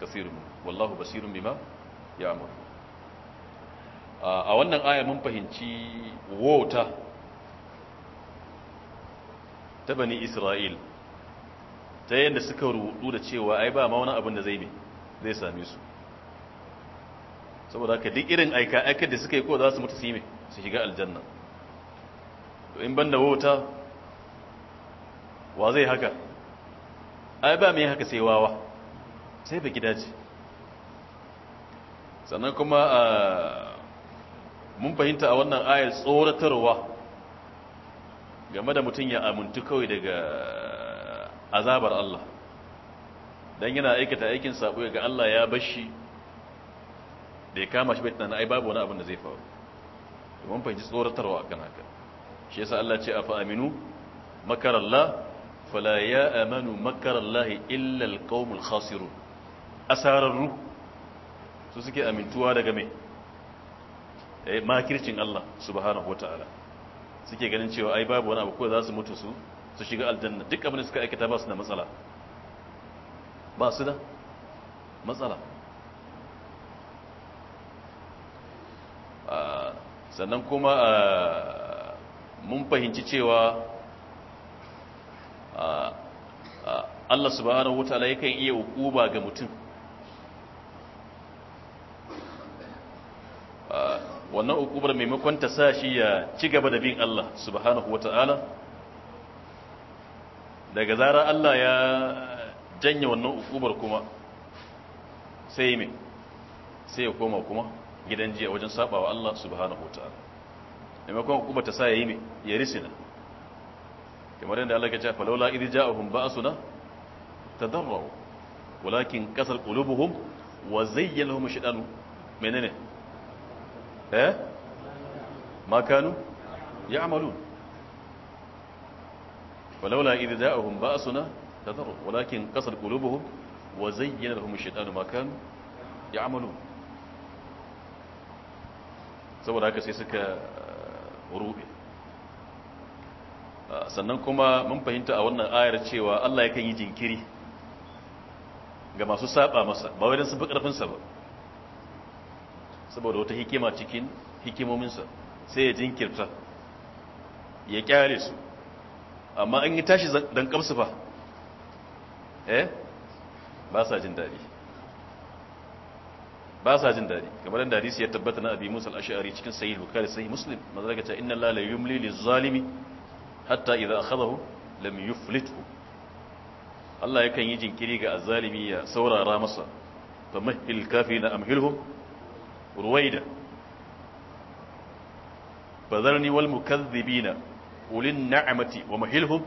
kasirun wallahu basirun bima ya'mal a wannan aya mun fahimci wota ta bani Isra'il ta yadda suka rudu da cewa ai ba ma wani abin da zai ne zai same su saboda haka duk irin aika aikar da suka yi ko za su mutu sime su shiga aljanna to in banda wota wa zai haka ai ba mai haka sai wawa sai ba gida ce sannan kuma ah, mun fahimta a wannan ayar tsoratarwa game da mutum ya amintu kawai daga azabar Allah don yana aikata aikin sabo ga Allah ya bashi da ya kama shi bai tunanin ai babu wani abin da zai faru Mun fahimci tsoratarwa kan haka shi yasa Allah ce a aminu makarallah fala ya amanu makarallahi illa alqaumul khasirun asararru su suke amintuwa daga mai eh, makircin Allah subhanahu wata'ala suke ganin cewa ai babu wani abu ko za su mutu su su shiga aljanna duk abin da suka aikata ba su da matsala ba su da matsala ah, sannan kuma ah, mun fahimci cewa ah, Allah subhanahu wataala yakan iya hukuba ga mutum wannan ukubar maimakon ta sa shi ya ci gaba da bin Allah subhanahu wata'ala daga zara Allah ya janye wannan ukubar kuma sai mai sai ya koma kuma gidan jiya wajen sabawa Allah subhanahu wata'ala maimakon ukubar ta sa ya yi mai ya risina kamar yadda Allah ya ce falaula idh ja'ahum ta darrawa walakin ƙasar qulubuhum wa zayyana lahum shaytanu menene eh makanu ya amalu walaula idh ja'ahum ba'suna tadharu walakin qasar qulubuhum wa zayyana lahum ash-shaytanu makanu ya amalu saboda haka sai suka rube sannan kuma mun fahimta a wannan ayar cewa Allah yakan yi jinkiri ga masu saba masa ba wai dan sun fi karfin sa ba saboda wata hikima cikin hikimominsa sai ya jinkirta ya kyale su amma an yi tashi kamsu ba eh ba sa jin daɗi ba sa jin daɗi kamar yadda hadisi ya tabbata na abi musa ashari cikin sahih bukhari sahih muslim manzo daga ta inna la la yumli liz-zalimi hatta idha akhadahu lam yuflitu Allah yakan yi jinkiri ga azzalimi ya saurara masa famahil kafina amhilhum رويدا فذرني والمكذبين أولي النعمة ومهلهم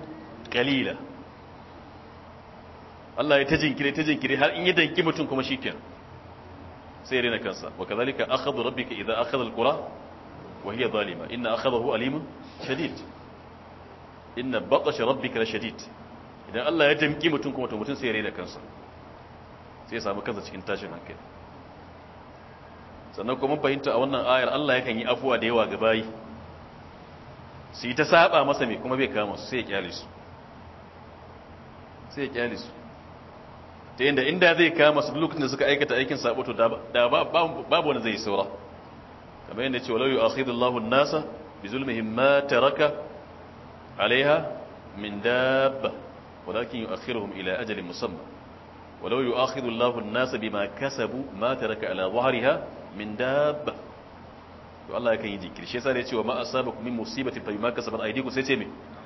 قليلة الله يتجن كري تجن كري هل إن يدن كمتن كما شيكين سيرين كنسا وكذلك أخذ ربك إذا أخذ القرى وهي ظالمة إن أخذه أليم شديد إن بطش ربك لشديد إذا الله يتم كمتن كمتن سيرين كنسا سيسا مكذا تكين تاجن هكذا sannan kuma fahimta a wannan ayar Allah ya kan yi afuwa da yawa ga bayi su yi ta saba masa mai kuma bai kama su sai ya kyale su sai ya kyale su ta yadda inda zai kama su lokacin da suka aikata aikin sabo to da babu wani zai yi saura kamar yadda ce walau yu'akhidullahu an-nasa bi zulmihim ma taraka alaiha min dabba walakin yu'akhiruhum ila ajalin musamman. walau yu'akhidullahu an-nasa bima kasabu ma taraka ala dhahriha min dabba to Allah yakan yi jinkiri shi yasa da ce wa ma asabakum min musibati fa bima kasabat aydikum sai ce me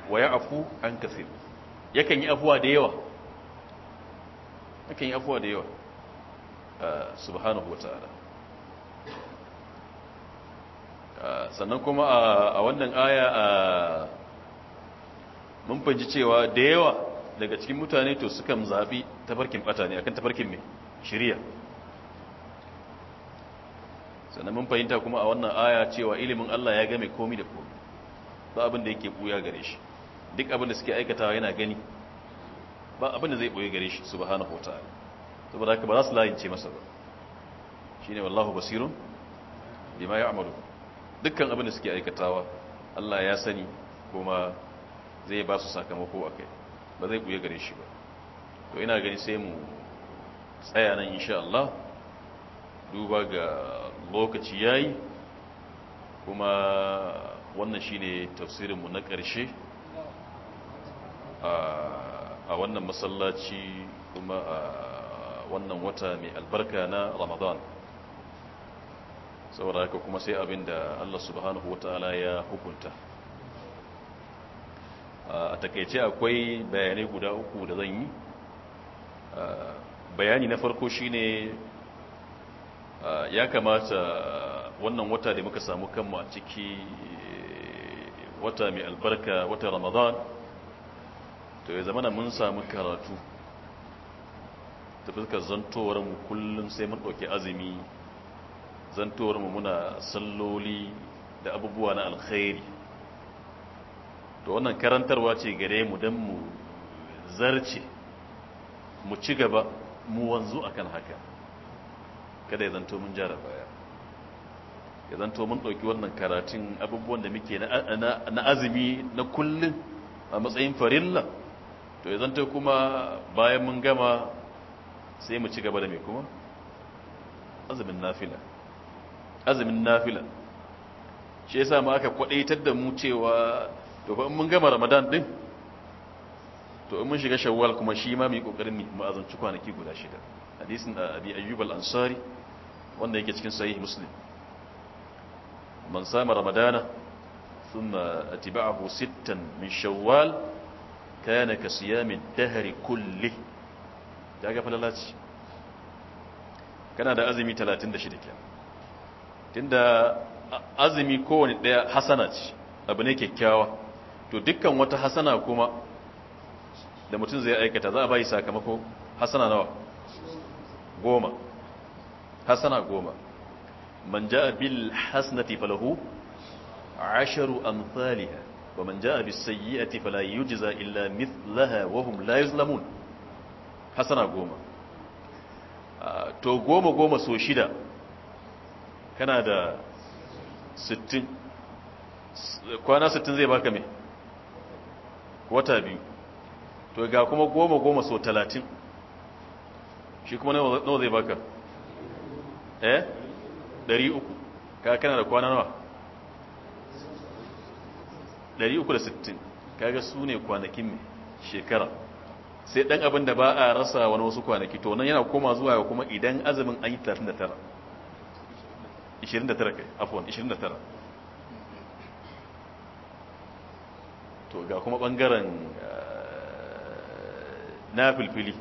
wa ya'fu an kasir yakan yi afuwa da yawa yakan yi afuwa da yawa ah, subhanahu wa ta'ala ah, sannan kuma a wannan aya mun fahimci cewa da yawa daga cikin mutane to sukan zafi tafarkin bata ne akan tafarkin me shari'a sannan mun fahimta kuma a wannan aya cewa ilimin Allah ya game komi da komi ba abin da yake buya gare shi duk abin da suke aikatawa yana gani ba abin da zai buya gare shi subhanahu wataala saboda haka ba za su layince masa ba shine wallahu basirun bima ya'malu dukkan abin da suke aikatawa Allah ya sani kuma zai ba su sakamako akai ba zai buya gare shi ba to ina gani sai mu tsaya nan insha Allah duba ga lokaci ya yi kuma wannan shine tafsirinmu na ƙarshe a wannan masallaci kuma a wannan wata mai albarka na ramadan saboda haka kuma sai abin da allah subhanahu wa ta'ala ya hukunta a takaice akwai bayanai guda uku da zan yi bayani na farko shine Ah, ya kamata wannan wata da muka samu kanmu a ciki wata mai albarka wata ramadan to ya zamana mun samu karatu ta fuskar zantowar mu kullum sai mun ɗauki azumi zantowar mu muna salloli da abubuwa na alkhairi to wannan karantarwa ce gare mu don mu zarce mu ci gaba mu wanzu akan haka kada ya zanto mun jara baya ya zanto mun ɗauki wannan karatun abubuwan da muke na azumi na kullun a matsayin farilla to ya zanto kuma bayan mun gama sai mu ci gaba da mai kuma azumin nafila azumin nafila shi yasa mu aka kwadaitar da mu cewa to fa mun gama ramadan din to in mun shiga shawwal kuma shi ma mu yi kokarin mu azanci kwanaki guda shida hadisin ah, abi ayyub al-ansari wanda yake cikin sahih muslim man sama ramadana thumma atba'ahu sittan min shawwal kana ka siyami dahri kulli daga falalaci kana da azumi 36 kenan tunda azumi kowane daya hasana ce abu ne kyakkyawa to dukkan wata hasana kuma da mutum zai aikata za a bayi sakamako hasana nawa goma hasana goma man ja'a bil hasanati falahu goma to goma goma so shida kana da 60 kwana 60 zai baka me wata biyu to ga kuma goma goma so shi kuma nawa zai baka eh ɗari uku ka kana da kwana nawa ɗari uku da sittin kaga su ne kwanakin me shekara sai ɗan abin da ba a rasa wani wasu kwanaki to nan yana koma zuwa ga kuma idan azumin an yi 39 29 kai afuwan 29 to ga kuma ɓangaren eh, na filfili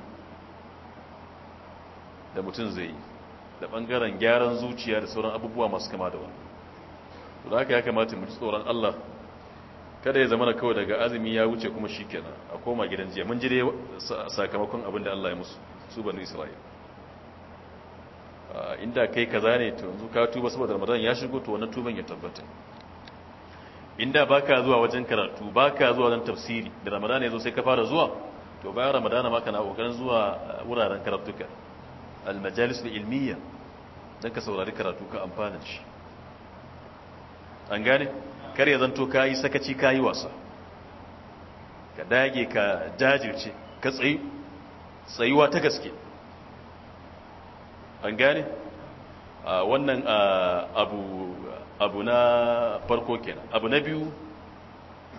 da mutum zai yi da bangaren gyaran zuciya da sauran abubuwa masu kama da wani to da haka ya kamata mu ji tsoron Allah kada ya zama kawai daga azumi ya wuce kuma shikenan a koma gidan jiya mun ji dai sakamakon abin da Allah ya musu su banu Isra'ila ah, inda kai kaza ne to yanzu ka tuba saboda Ramadan ya shigo to wannan tuban ya tabbata inda baka zuwa wajen karatu baka zuwa wajen tafsiri da Ramadan ya zo sai ka fara zuwa to bayan Ramadan ma kana kokarin zuwa ah, wuraren karatuka al-majalis al-ilmiyya don ka saurari karatu ka amfana da shi an gane kar ya zanto ka yi sakaci ka yi wasa ka dage ka jajirce ka tsayi tsayuwa ta gaske an gane wannan abu na farko kenan abu na biyu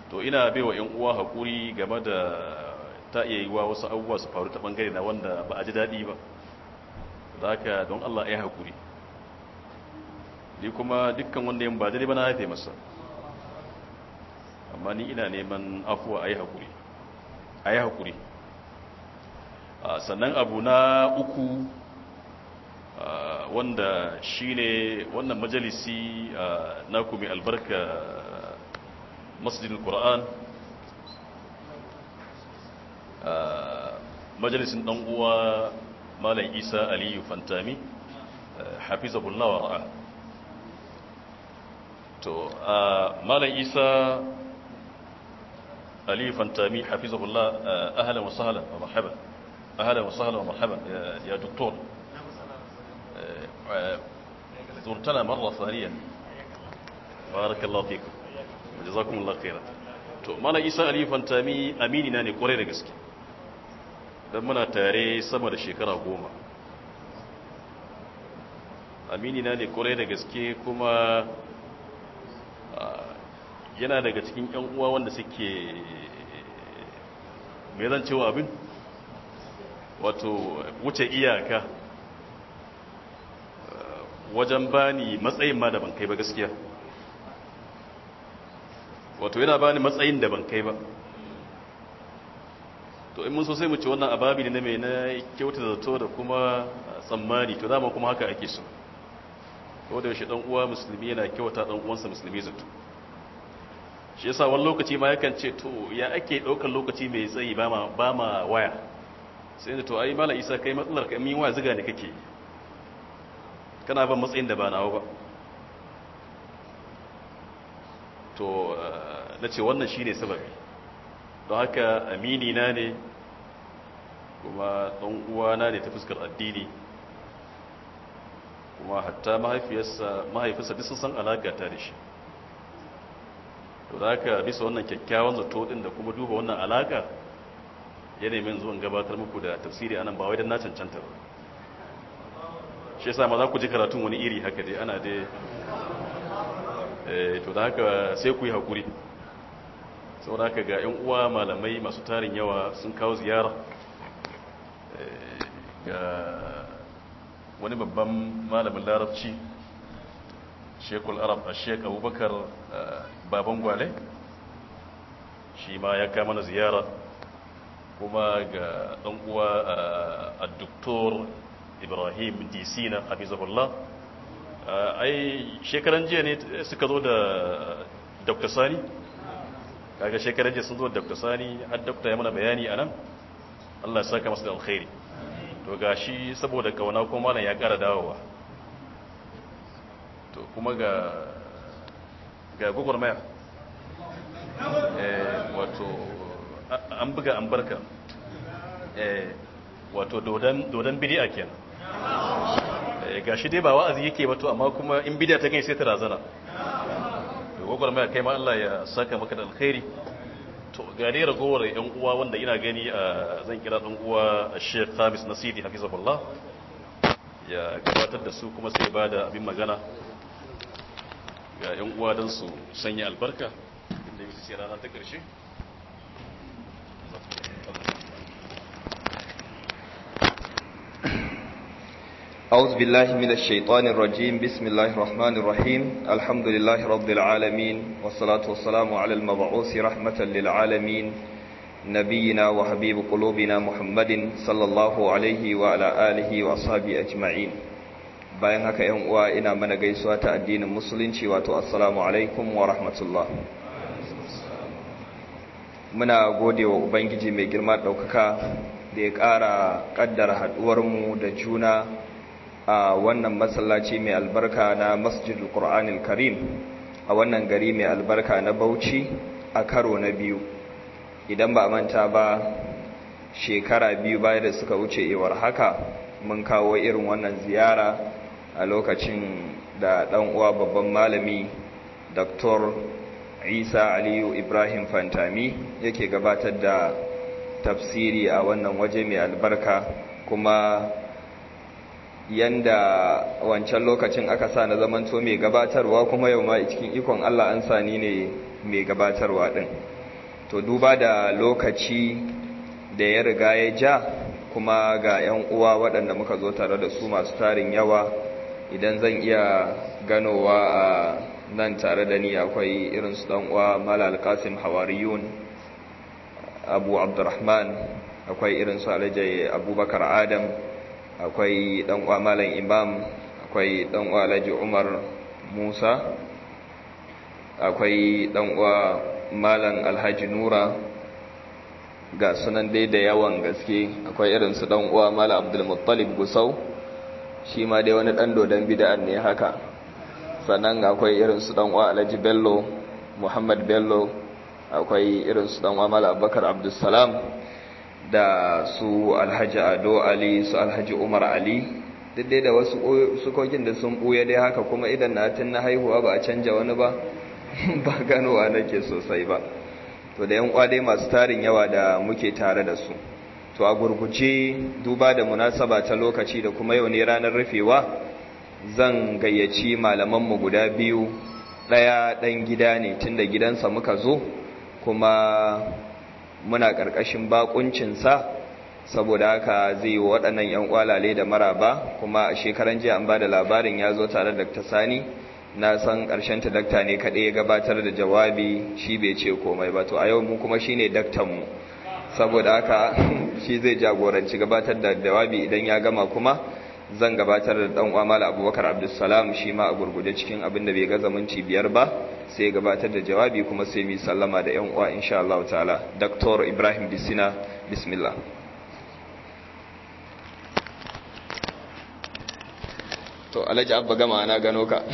to ina baiwa yan uwa hakuri game da ta iya yi wa wasu abubuwa su faru ta bangare na wanda ba a ji daɗi ba Za ka don Allah ya hakuri ni kuma dukkan wanda yin ba daidai ba na haife masa amma ni ina neman afuwa a yi haƙuri a yi haƙuri sannan abu na uku wanda shi ne wannan majalisi na kuma albarka masjidin ƙura'an majalisin ɗan uwa malam isa aliyu fantami hafizabullah a to malam isa ali fantami hafizahullah ahlan wa sahlan wa marhaban wa wa marhaban ya doktor to mana isa ali fantami amini na ne kwarai da gaske don muna tare sama da shekara goma amini na ne kwarai da gaske kuma yana daga cikin yan uwa wanda suke mai zan cewa abin wato wuce iyaka wajen bani matsayin ma da ban kai ba gaskiya wato yana bani matsayin da ban kai ba to in mun so sai mu ci wannan ababi ne mai na kyauta to da kuma tsammani to dama kuma haka ake so ko da yaushe dan uwa musulmi yana kyauta dan uwansa musulmi zato shi yasa wani lokaci ma yakan ce to ya ake ɗaukar lokaci mai tsayi ba ma waya sai da to ai mala isa kai matsalar ka min waya ziga ne kake kana ban matsayin da ba nawa ba to eh, na ce wannan shine sababi don haka amini na ne kuma ɗan uwana ne ta fuskar addini kuma hatta mahaifiyarsa mahaifinsa duk sun san alaƙa ta da shi to da aka bisa wannan kyakkyawan zato ɗin da kuma duba wannan alaƙa ya nemi min gabatar muku da tafsiri anan ba wai don na cancanta ba shi yasa ma za ku ji karatun wani iri haka dai ana dai eh, to da haka sai ku yi hakuri saboda haka ga 'yan uwa malamai masu tarin yawa sun kawo ziyara eh, ga wani babban malamin larabci shekul arab a shek abubakar eh, baban gwale shi ma ya kama na ziyara kuma ga ɗan uwa ah, a doktor ibrahim dc na habizabullah ah, ai shekaran jiya ne suka zo da dr sani kaga shekaran jiya sun zo da dr sani har dr ya mana bayani a nan allah ya saka masu da alkhairi to ga shi saboda kawana kuma nan ya kara dawowa to kuma ga ga maya eh, wato an buga an barka eh, wato dodon bidiya kenan eh, ga shi dai ba wa'azi yake wato amma kuma in bidiya ta gani sai ta razana da maya kai ma Allah ya saka maka da alkhairi to ga dai ragowar yan uwa wanda ina gani a zan kira dan uwa Sheikh Khamis Nasidi hafizahullah ya gabatar da su kuma sai ba da abin magana ga 'yan uwa don su sanya albarka inda yau ce rana ta ƙarshe أعوذ بالله من الشيطان الرجيم بسم الله الرحمن الرحيم الحمد لله رب العالمين والصلاة والسلام على المبعوث رحمة للعالمين نبينا وحبيب قلوبنا محمد صلى الله عليه وعلى آله وأصحابه أجمعين bayan haka yan uwa ina mana gaisuwa ta addinin musulunci wato assalamu alaikum wa rahmatullah muna gode wa ubangiji mai girma ɗaukaka da ya ƙara ƙaddara haɗuwarmu da juna a wannan masallaci mai albarka na masjidul qur'anil karim a wannan gari mai albarka na bauchi a karo na biyu idan ba manta ba shekara biyu bayan da suka wuce iwar haka mun kawo irin wannan ziyara a lokacin da ɗan uwa babban malami Dr. Isa Aliyu Ibrahim Fantami yake gabatar da tafsiri a wannan waje mai albarka kuma yanda wancan lokacin aka sa na zamanto mai gabatarwa kuma yau ma cikin ikon Allah an sani ne mai gabatarwa din to duba da lokaci da ya riga ya ja kuma ga 'yan uwa waɗanda muka zo tare da su masu tarin yawa idan zan iya ganowa a nan tare da ni akwai irin su uwa malal qasim hawariyun abu abdurrahman akwai irin su alaje abubakar adam akwai uwa malam imam akwai uwa alaje umar musa akwai uwa malam alhaji nura ga sunan dai da yawan gaske akwai irin su uwa malam abdulmuttalib gusau shi ma dai wani ɗan dodon bida'an ne haka sannan akwai irin su ɗan wa alhaji bello muhammad bello akwai irin su ɗan wa mala abubakar abdulsalam da su alhaji ado ali su alhaji umar ali duk dai da wasu sukokin da sun ɓuya dai haka kuma idan na tun na haihuwa ba a canja wani ba ba ganowa nake sosai ba to da yan dai masu tarin yawa da muke tare da su to a gurguje duba da munasaba ta lokaci da kuma yau ne ranar rufewa zan gayyaci malamanmu guda biyu ɗaya ɗan gida ne tunda gidansa muka zo kuma muna ƙarƙashin baƙuncinsa saboda haka zai yi waɗannan 'yan kwalale da maraba kuma a shekaran jiya an bada labarin ya zo tare da sani na san ƙarshen ta dakta ne kaɗai ya gabatar da jawabi shi bai ce komai ba to a yau mu kuma shine mu. saboda haka shi zai jagoranci gabatar da jawabi idan ya gama kuma zan gabatar da dan uwa mala abubakar abdulsalam shi ma a gurguje cikin abin da bai gaza minti biyar ba sai gabatar da jawabi kuma sai mu sallama da yan uwa insha Allah ta'ala dr ibrahim bisina bismillah to alhaji abba gama ana gano ka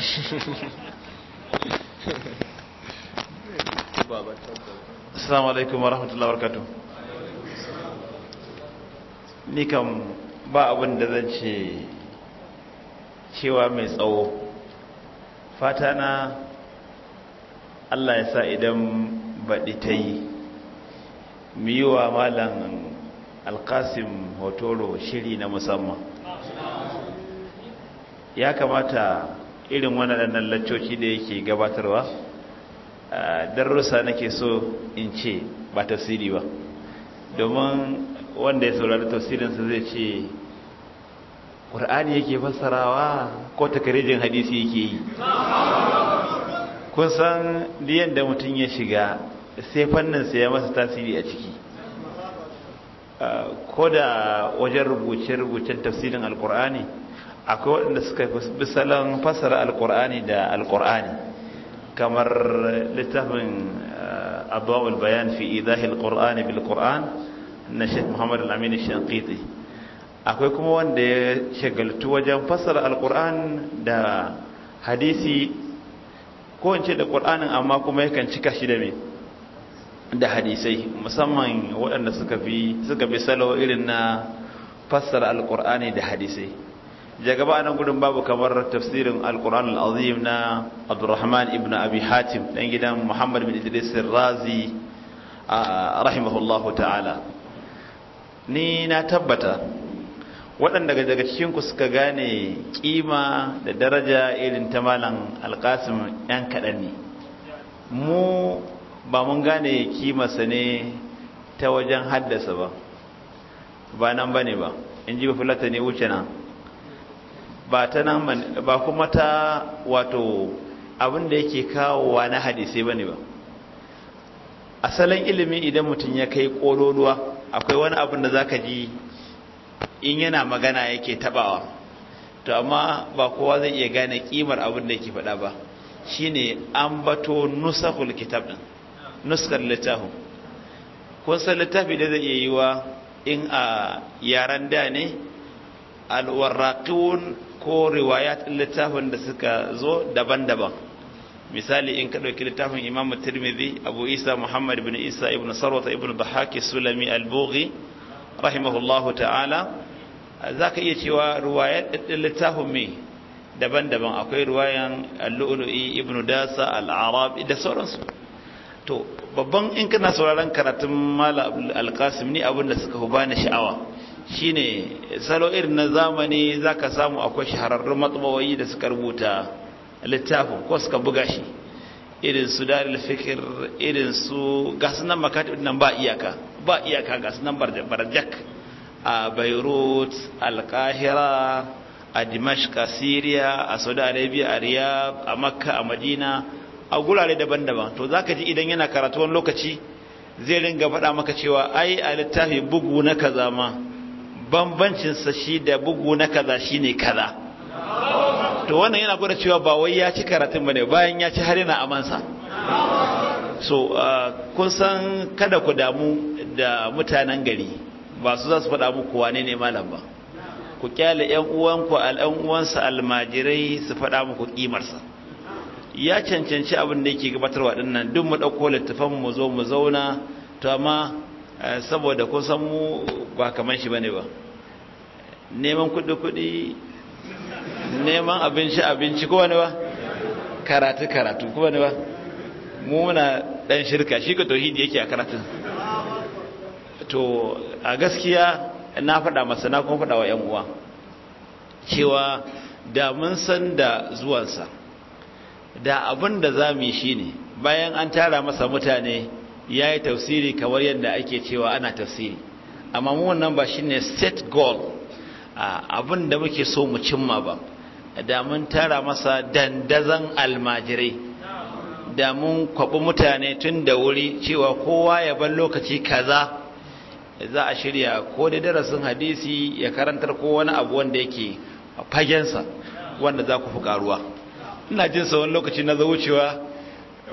assalamu alaikum warahmatullahi wabarakatuh Ni nikan ba abin da zan ce cewa mai tsawo fata na allah ya sa idan baɗi ta yi wa malam alkasim hotoro shiri na musamman ya kamata irin wani waɗannan laccoci da yake gabatarwa darussa nake so in ce ba ta siri ba domin wanda ya saurari tafsirinsa zai ce ƙur'ani yake fassarawa ko takarijin hadisi yake yi Kun san da mutum ya shiga sai fanninsa ya masa tasiri a ciki ko da wajen rubuce-rubucen tafsirin alƙur'ani akwai waɗanda suka fi salon fassara alƙur'ani da alƙur'ani kamar littafin abuwa bayan fi idahil ƙur'ani bil ƙur'ani na Sheikh Muhammad Al-Amin akwai kuma wanda ya shagaltu wajen fassara al da hadisi ko in ce da Qur'anin amma kuma yakan cika shi da me da hadisai musamman waɗanda suka fi suka bi salo irin na fassara al da hadisai daga ba nan gudun babu kamar tafsirin Al-Qur'an na Abdurrahman ibn Abi Hatim dan gidan Muhammad bin Idris Razi rahimahullahu ta'ala ni na tabbata waɗanda daga cikinku suka gane kima da daraja irin ta malam alƙasim yan kaɗan ne mu ba mun gane kimarsa ne ta wajen haddasa ba ba nan ba ne ba in ji fulata ne wuce nan ba ta nan ba kuma ta wato abin da yake wa na hadisai ba ne ba asalin ilimi idan mutum ya kai ƙololuwa akwai wani abin da zaka ji in yana magana yake tabawa to amma ba kowa zai iya gane kimar abin da yake faɗa ba shine ambato nusakhul kitab din nuskar littafin kun san littafi da zai yi wa in a yaran da ne alwarraqun ko riwayat littafin da suka zo daban-daban misali in ka ɗauki littafin imamu tirmidhi abu isa muhammad ibn isa ibn sarwata ibn bahaki sulami al-bughi rahimahullahu ta'ala za ka iya cewa ruwayar ɗin littafin mai daban-daban akwai ruwayan al-lu'lu'i ibn dasa al-arab da sauransu to babban in kana sauraron karatun malam al-qasim ni abin da suka huba na sha'awa shine salo irin na zamani zaka samu akwai shahararrun matsabawayi da suka rubuta littafin ko suka buga shi irin su daril fikir irin su ga nan makatib nan ba iyaka ba iyaka ga nan barjak a beirut alkahira a dimashq a syria a saudi arabia a riyab a makka a madina a gurare daban-daban to zaka ji idan yana karatu wani lokaci zai ringa faɗa maka cewa ai a littafi bugu na kaza ma sa shi da bugu na kaza shine kaza to wannan yana gwada cewa ba wai ya ci karatun bane bayan ya ci har yana amansa so uh, kun san kada ku damu da mutanen gari ba su za su faɗa muku wane ne malam ba ku kyale yan uwanku al'an uwansa almajirai su faɗa muku kimarsa ya cancanci abin da yake gabatarwa dinnan duk mu ɗauko littafan mu zo mu zauna to amma uh, saboda kun san mu ba kaman shi bane ba neman kuɗi kuɗi neman abinci abinci ko wani ba karatu karatu ko wani ba mu muna dan shirka shi ka tauhidi yake a karatun to a gaskiya na faɗa masa na kuma faɗa wa ‘yan uwa cewa da mun san da zuwansa da abin da za mu yi shi ne bayan an tara masa mutane ya yi tafsiri kamar yadda ake cewa ana tafsiri amma mu wannan ba shi ne set goal abin da muke so mu cimma ba da mun tara masa dandazan almajirai da mun kwabi mutane tun da wuri cewa kowa ya bar lokaci kaza za a shirya ko da darasin hadisi ya karantar ko wani abu wanda yake fagensa wanda za ku fi karuwa ina jin wani lokaci na wucewa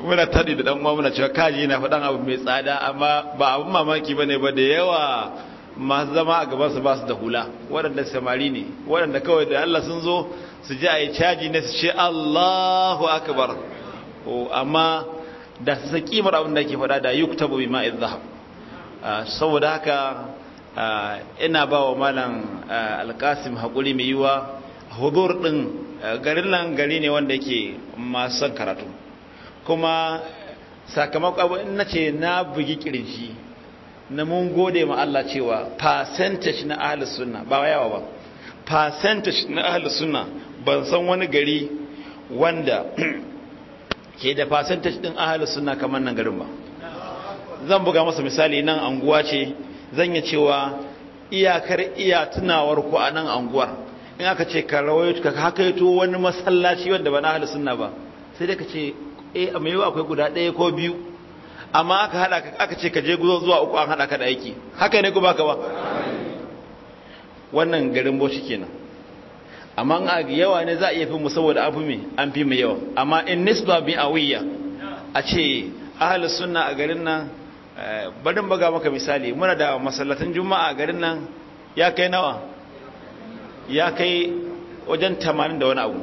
muna taɗi da ɗan uwa muna cewa kaji yana faɗan abu mai tsada amma ba abin mamaki ba ne ba da yawa masu zama a gaban su ba su da hula waɗanda samari ne waɗanda kawai da Allah sun zo su ji a yi caji na su ce Allahu akbar amma da su sa kimar abin da ke faɗa da yi yuktabu bi ma'id zahab saboda haka ina ba wa malam alkasim haƙuri mai yiwa hudur ɗin garin nan gari ne wanda yake masu son karatu kuma sakamakon na ce na bugi kirji na mun gode ma Allah cewa percentage na ahlus sunna ba yawa ba percentage na ahlus sunna ban san wani gari wanda ke da percentage din ahlus sunna kamar nan garin ba zan buga masa misali nan anguwa ce zan yi cewa iyakar iya tunawar ku a nan anguwar in aka ce ka rawayo ka hakaito wani masallaci wanda ba na ahlus sunna ba sai dai ka ce eh amma yau akwai guda ɗaya ko biyu amma aka hada ka aka ce ka je zuwa uku an hada ka da aiki haka ne ku baka ba wannan garin boshi kenan amma a yawa ne za a iya fi mu saboda abu mai an fi mu yawa amma in nisba bi awiya a ce ahlus sunna a garin nan eh, barin baga maka misali muna da masallatan juma'a a garin nan ya kai nawa ya kai wajen 80 da wani abu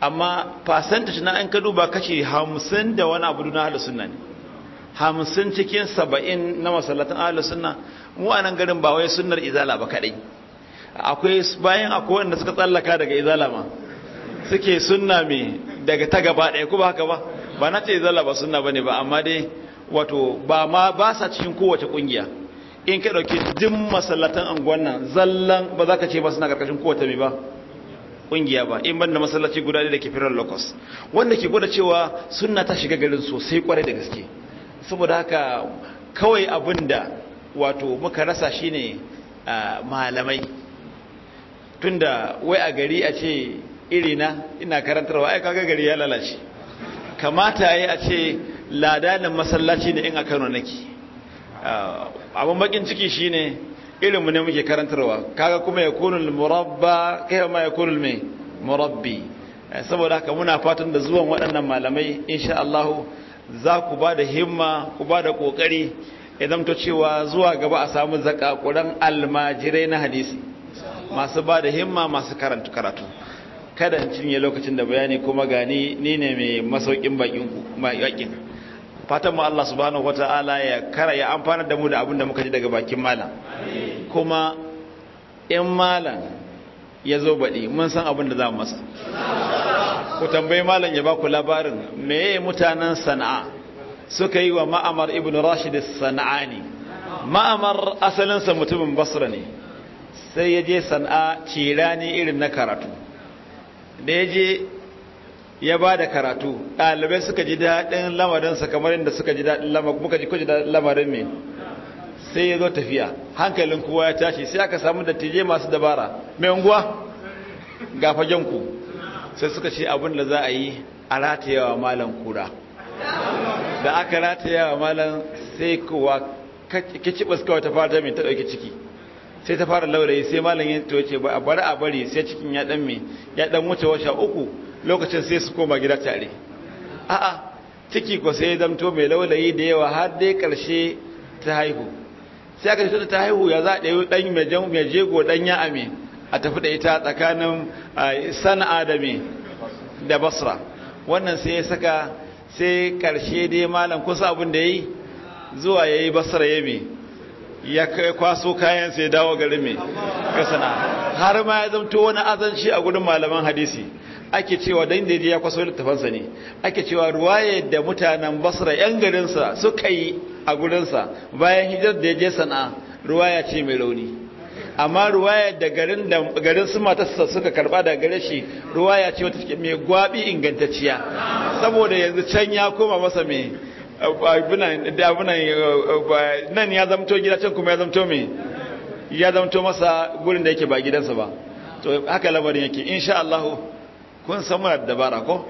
amma percentage na an ka duba kashi 50 da wani abu na ahlus sunna ne hamsin cikin saba'in na masallatan ahalus sunna mu a nan garin ba wai sunnar izala ba kadai akwai bayan akwai wanda suka tsallaka daga izala ma suke sunna me daga ta gaba ɗaya ku ba haka ba ba na ce izala ba sunna bane ba amma dai wato ba ma ba sa cikin kowace kungiya in ka dauke duk masallatan anguwan nan zallan ba za ka ce ba suna karkashin kowace me ba kungiya ba in banda masallaci guda da ke firar locus wanda ke gwada cewa sunna ta shiga garin sosai kwarai da gaske saboda haka kawai da wato muka rasa shine malamai tunda wai a gari a ce irina ina karantarwa ai kaga gari ya lalace kamata yayi a ce ladanin masallaci ne in a Kano nake abun bakin ciki shine ilimin ne muke karantarwa kaga kuma ya yakunul murabba kai ma yakunul mai murabbi saboda haka muna fatan da zuwan waɗannan malamai insha Allahu za ku ba da himma ku ba da ƙoƙari idan to cewa zuwa gaba a samu zakakuran almajirai na hadisi masu ba da himma masu karantu karatu kada in cinye lokacin da bayani kuma gani ni ne mai masaukin bakin ku mai yakin fatan mu Allah subhanahu wataala ya kara ya amfana da mu da abin da muka ji daga bakin malam kuma in malam ya zo baɗi mun san abin da za mu masa ku tambayi malam ya ba ku labarin meye mutanen sana'a suka yi wa ma'amar ibn rashid ne ma'amar asalinsa mutumin basra ne sai ya je sana'a cira ne irin na karatu da ya je ya ba da karatu ɗalibai suka ji daɗin lamarinsa kamar yadda suka ji daɗin lamarin mai sai ya zo tafiya hankalin kowa ya tashi sai aka samu dattijai masu dabara mai unguwa ga ku sai suka ce abin da za a yi a ratayawa malam kura da aka ratayawa malam sai kowa kicibas kawai ta fara mai ta ciki sai ta fara laurayi sai malam ya toce ba a bari a bari sai cikin ya dan wuce washa uku lokacin sai su koma gida tare a'a ciki ko sai ya zamto mai laulayi da yawa har dai karshe ta haihu sai aka shi da ta haihu ya za a ɗan mai jego ɗan ya ame a tafi da ita tsakanin sana'a da me da basra wannan sai ya saka sai ƙarshe dai malam kusa abin da ya yi zuwa ya yi basra ya me ya kwaso kayan sai dawo garin me ka har ma ya zamto wani azanci a gudun malaman hadisi ake cewa dan da ya kwaso littafansa ne ake cewa ruwaye da mutanen basra yan garinsa suka yi a gurinsa bayan hijar da ya je sana'a ruwaya ce mai rauni amma ruwaya da garin da garin su matarsa suka karba da gare shi ruwaya ce wata mai gwabi ingantacciya saboda yanzu can ya koma masa mai nan ya zamto gida can kuma ya zamto mai ya zamto masa gurin da yake ba gidansa ba to haka labarin yake insha Allah kun san muna da dabara ko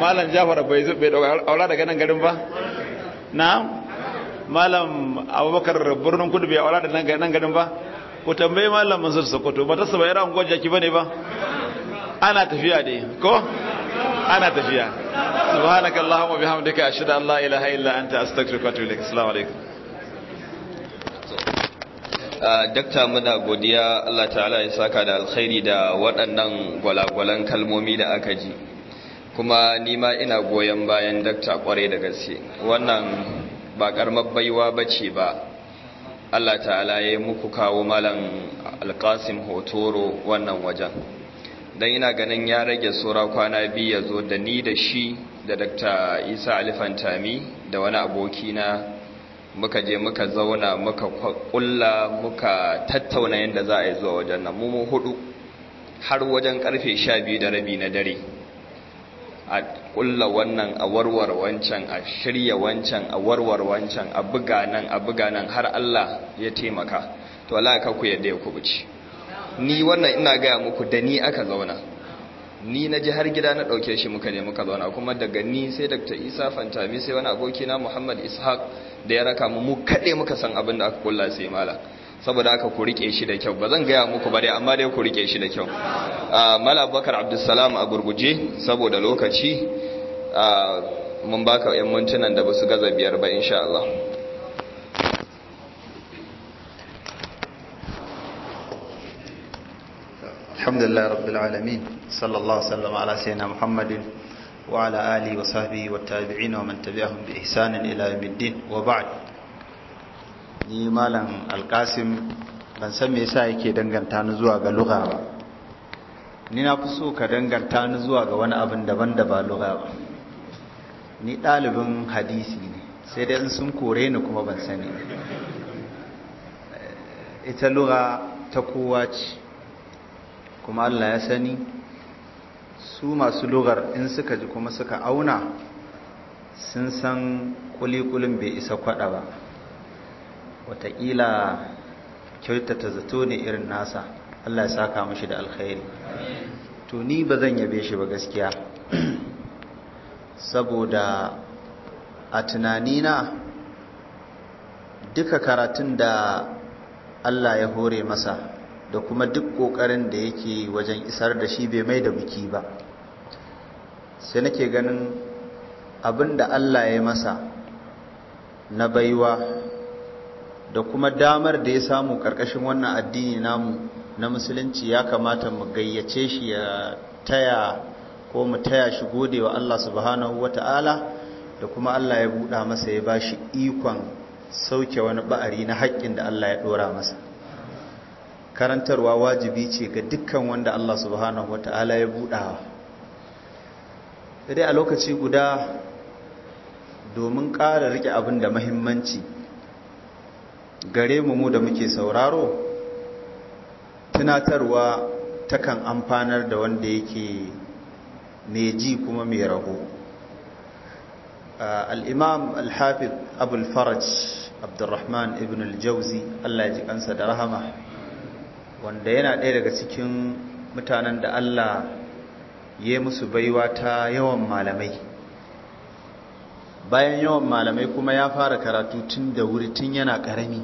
malam jafar bai zo bai dauka aura daga nan garin ba na'am malam abubakar birnin kudu bai aura daga nan garin ba ku tambaye malam mansur sokoto ba ta saba yara unguwar ki bane ba ana tafiya ne ko ana tafiya subhanaka allahumma bihamdika ashhadu an la ilaha illa anta astaghfiruka wa atubu ilaik assalamu alaikum dakta muna godiya Allah ta'ala ya saka da alkhairi da waɗannan gwalagwalan kalmomi da aka ji kuma nima ina goyon bayan dakta kwarai da gaske wannan ba karmar baiwa ce ba Allah ta'ala ya muku kawo malam alkasim hotoro wannan wajen don ina ganin ya rage tsora kwana biyu ya zo da ni da shi da dakta isa alifantami da wani abokina muka je muka zauna muka kulla muka tattauna yadda za a yi zuwa wajen nan mu hudu har wajen karfe sha biyu da rabi na dare a kulla wannan a warware wancan a shirya wancan a warware wancan a buga nan a buga nan har Allah ya taimaka to Allah ka ku yadda ya kubuci ni wannan ina gaya muku da ni aka zauna ni na ji har gida na ɗauke shi muka ne muka zauna kuma daga ni sai dr isa fantami sai wani abokina muhammad ishaq da ya raka mu mu kaɗe muka san abin da aka kulla sai mala saboda aka ku rike shi da kyau ba zan gaya muku ba dai amma dai ku rike shi da kyau ah, mala abubakar abdulsalam a gurguje saboda lokaci ah, mun baka yan mintunan da ba su gaza biyar ba insha Allah الحمد لله رب العالمين صلى الله وسلم على سيدنا محمد وعلى آله وصحبه والتابعين ومن تبعهم بإحسان إلى يوم الدين وبعد ni malam alkasim ban san me yasa yake danganta ni zuwa ga lugha ba ni na fi so ka danganta ni zuwa ga wani abin daban da ba lugha ba ni ɗalibin hadisi ne sai dai in sun kore ni kuma ban sani ita lugha ta kowa ce kuma Allah ya sani su masu lugar in suka ji kuma suka auna sun san kulikulin bai isa kwada ba wataƙila kyautata zato ne irin nasa Allah ya saka mashi da alkhairi to ni ba zan yabe shi ba gaskiya saboda a tunanina duka karatun da Allah ya hore masa da kuma duk ƙoƙarin da yake wajen isar da shi bai mai da biki ba sai nake ganin abin da Allah ya masa na baiwa da kuma damar da ya samu ƙarƙashin wannan addini namu na musulunci ya kamata mu gayyace shi ya taya ko mu taya shi gode wa Allah subhanahu wa Ta'ala, da kuma Allah ya buɗa masa ya ba shi ikon sauke wani ba'ari na haƙƙin da Allah ya ɗora masa karantarwa wajibi ce ga dukkan wanda Allah subhanahu wata'ala ya buɗawa dai a lokaci guda domin ƙara rike abin da mahimmanci gare mu mu da muke sauraro tunatarwa takan amfanar da wanda yake mai ji kuma mai raho ah, al'imam al-hafid faraj abdurrahman ibn al-jauzi allah ji kansa da rahama wanda yana ɗaya daga cikin mutanen da Allah ya musu baiwa ta yawan malamai bayan yawan malamai kuma ya fara karatu tun da wuri tun yana ƙarami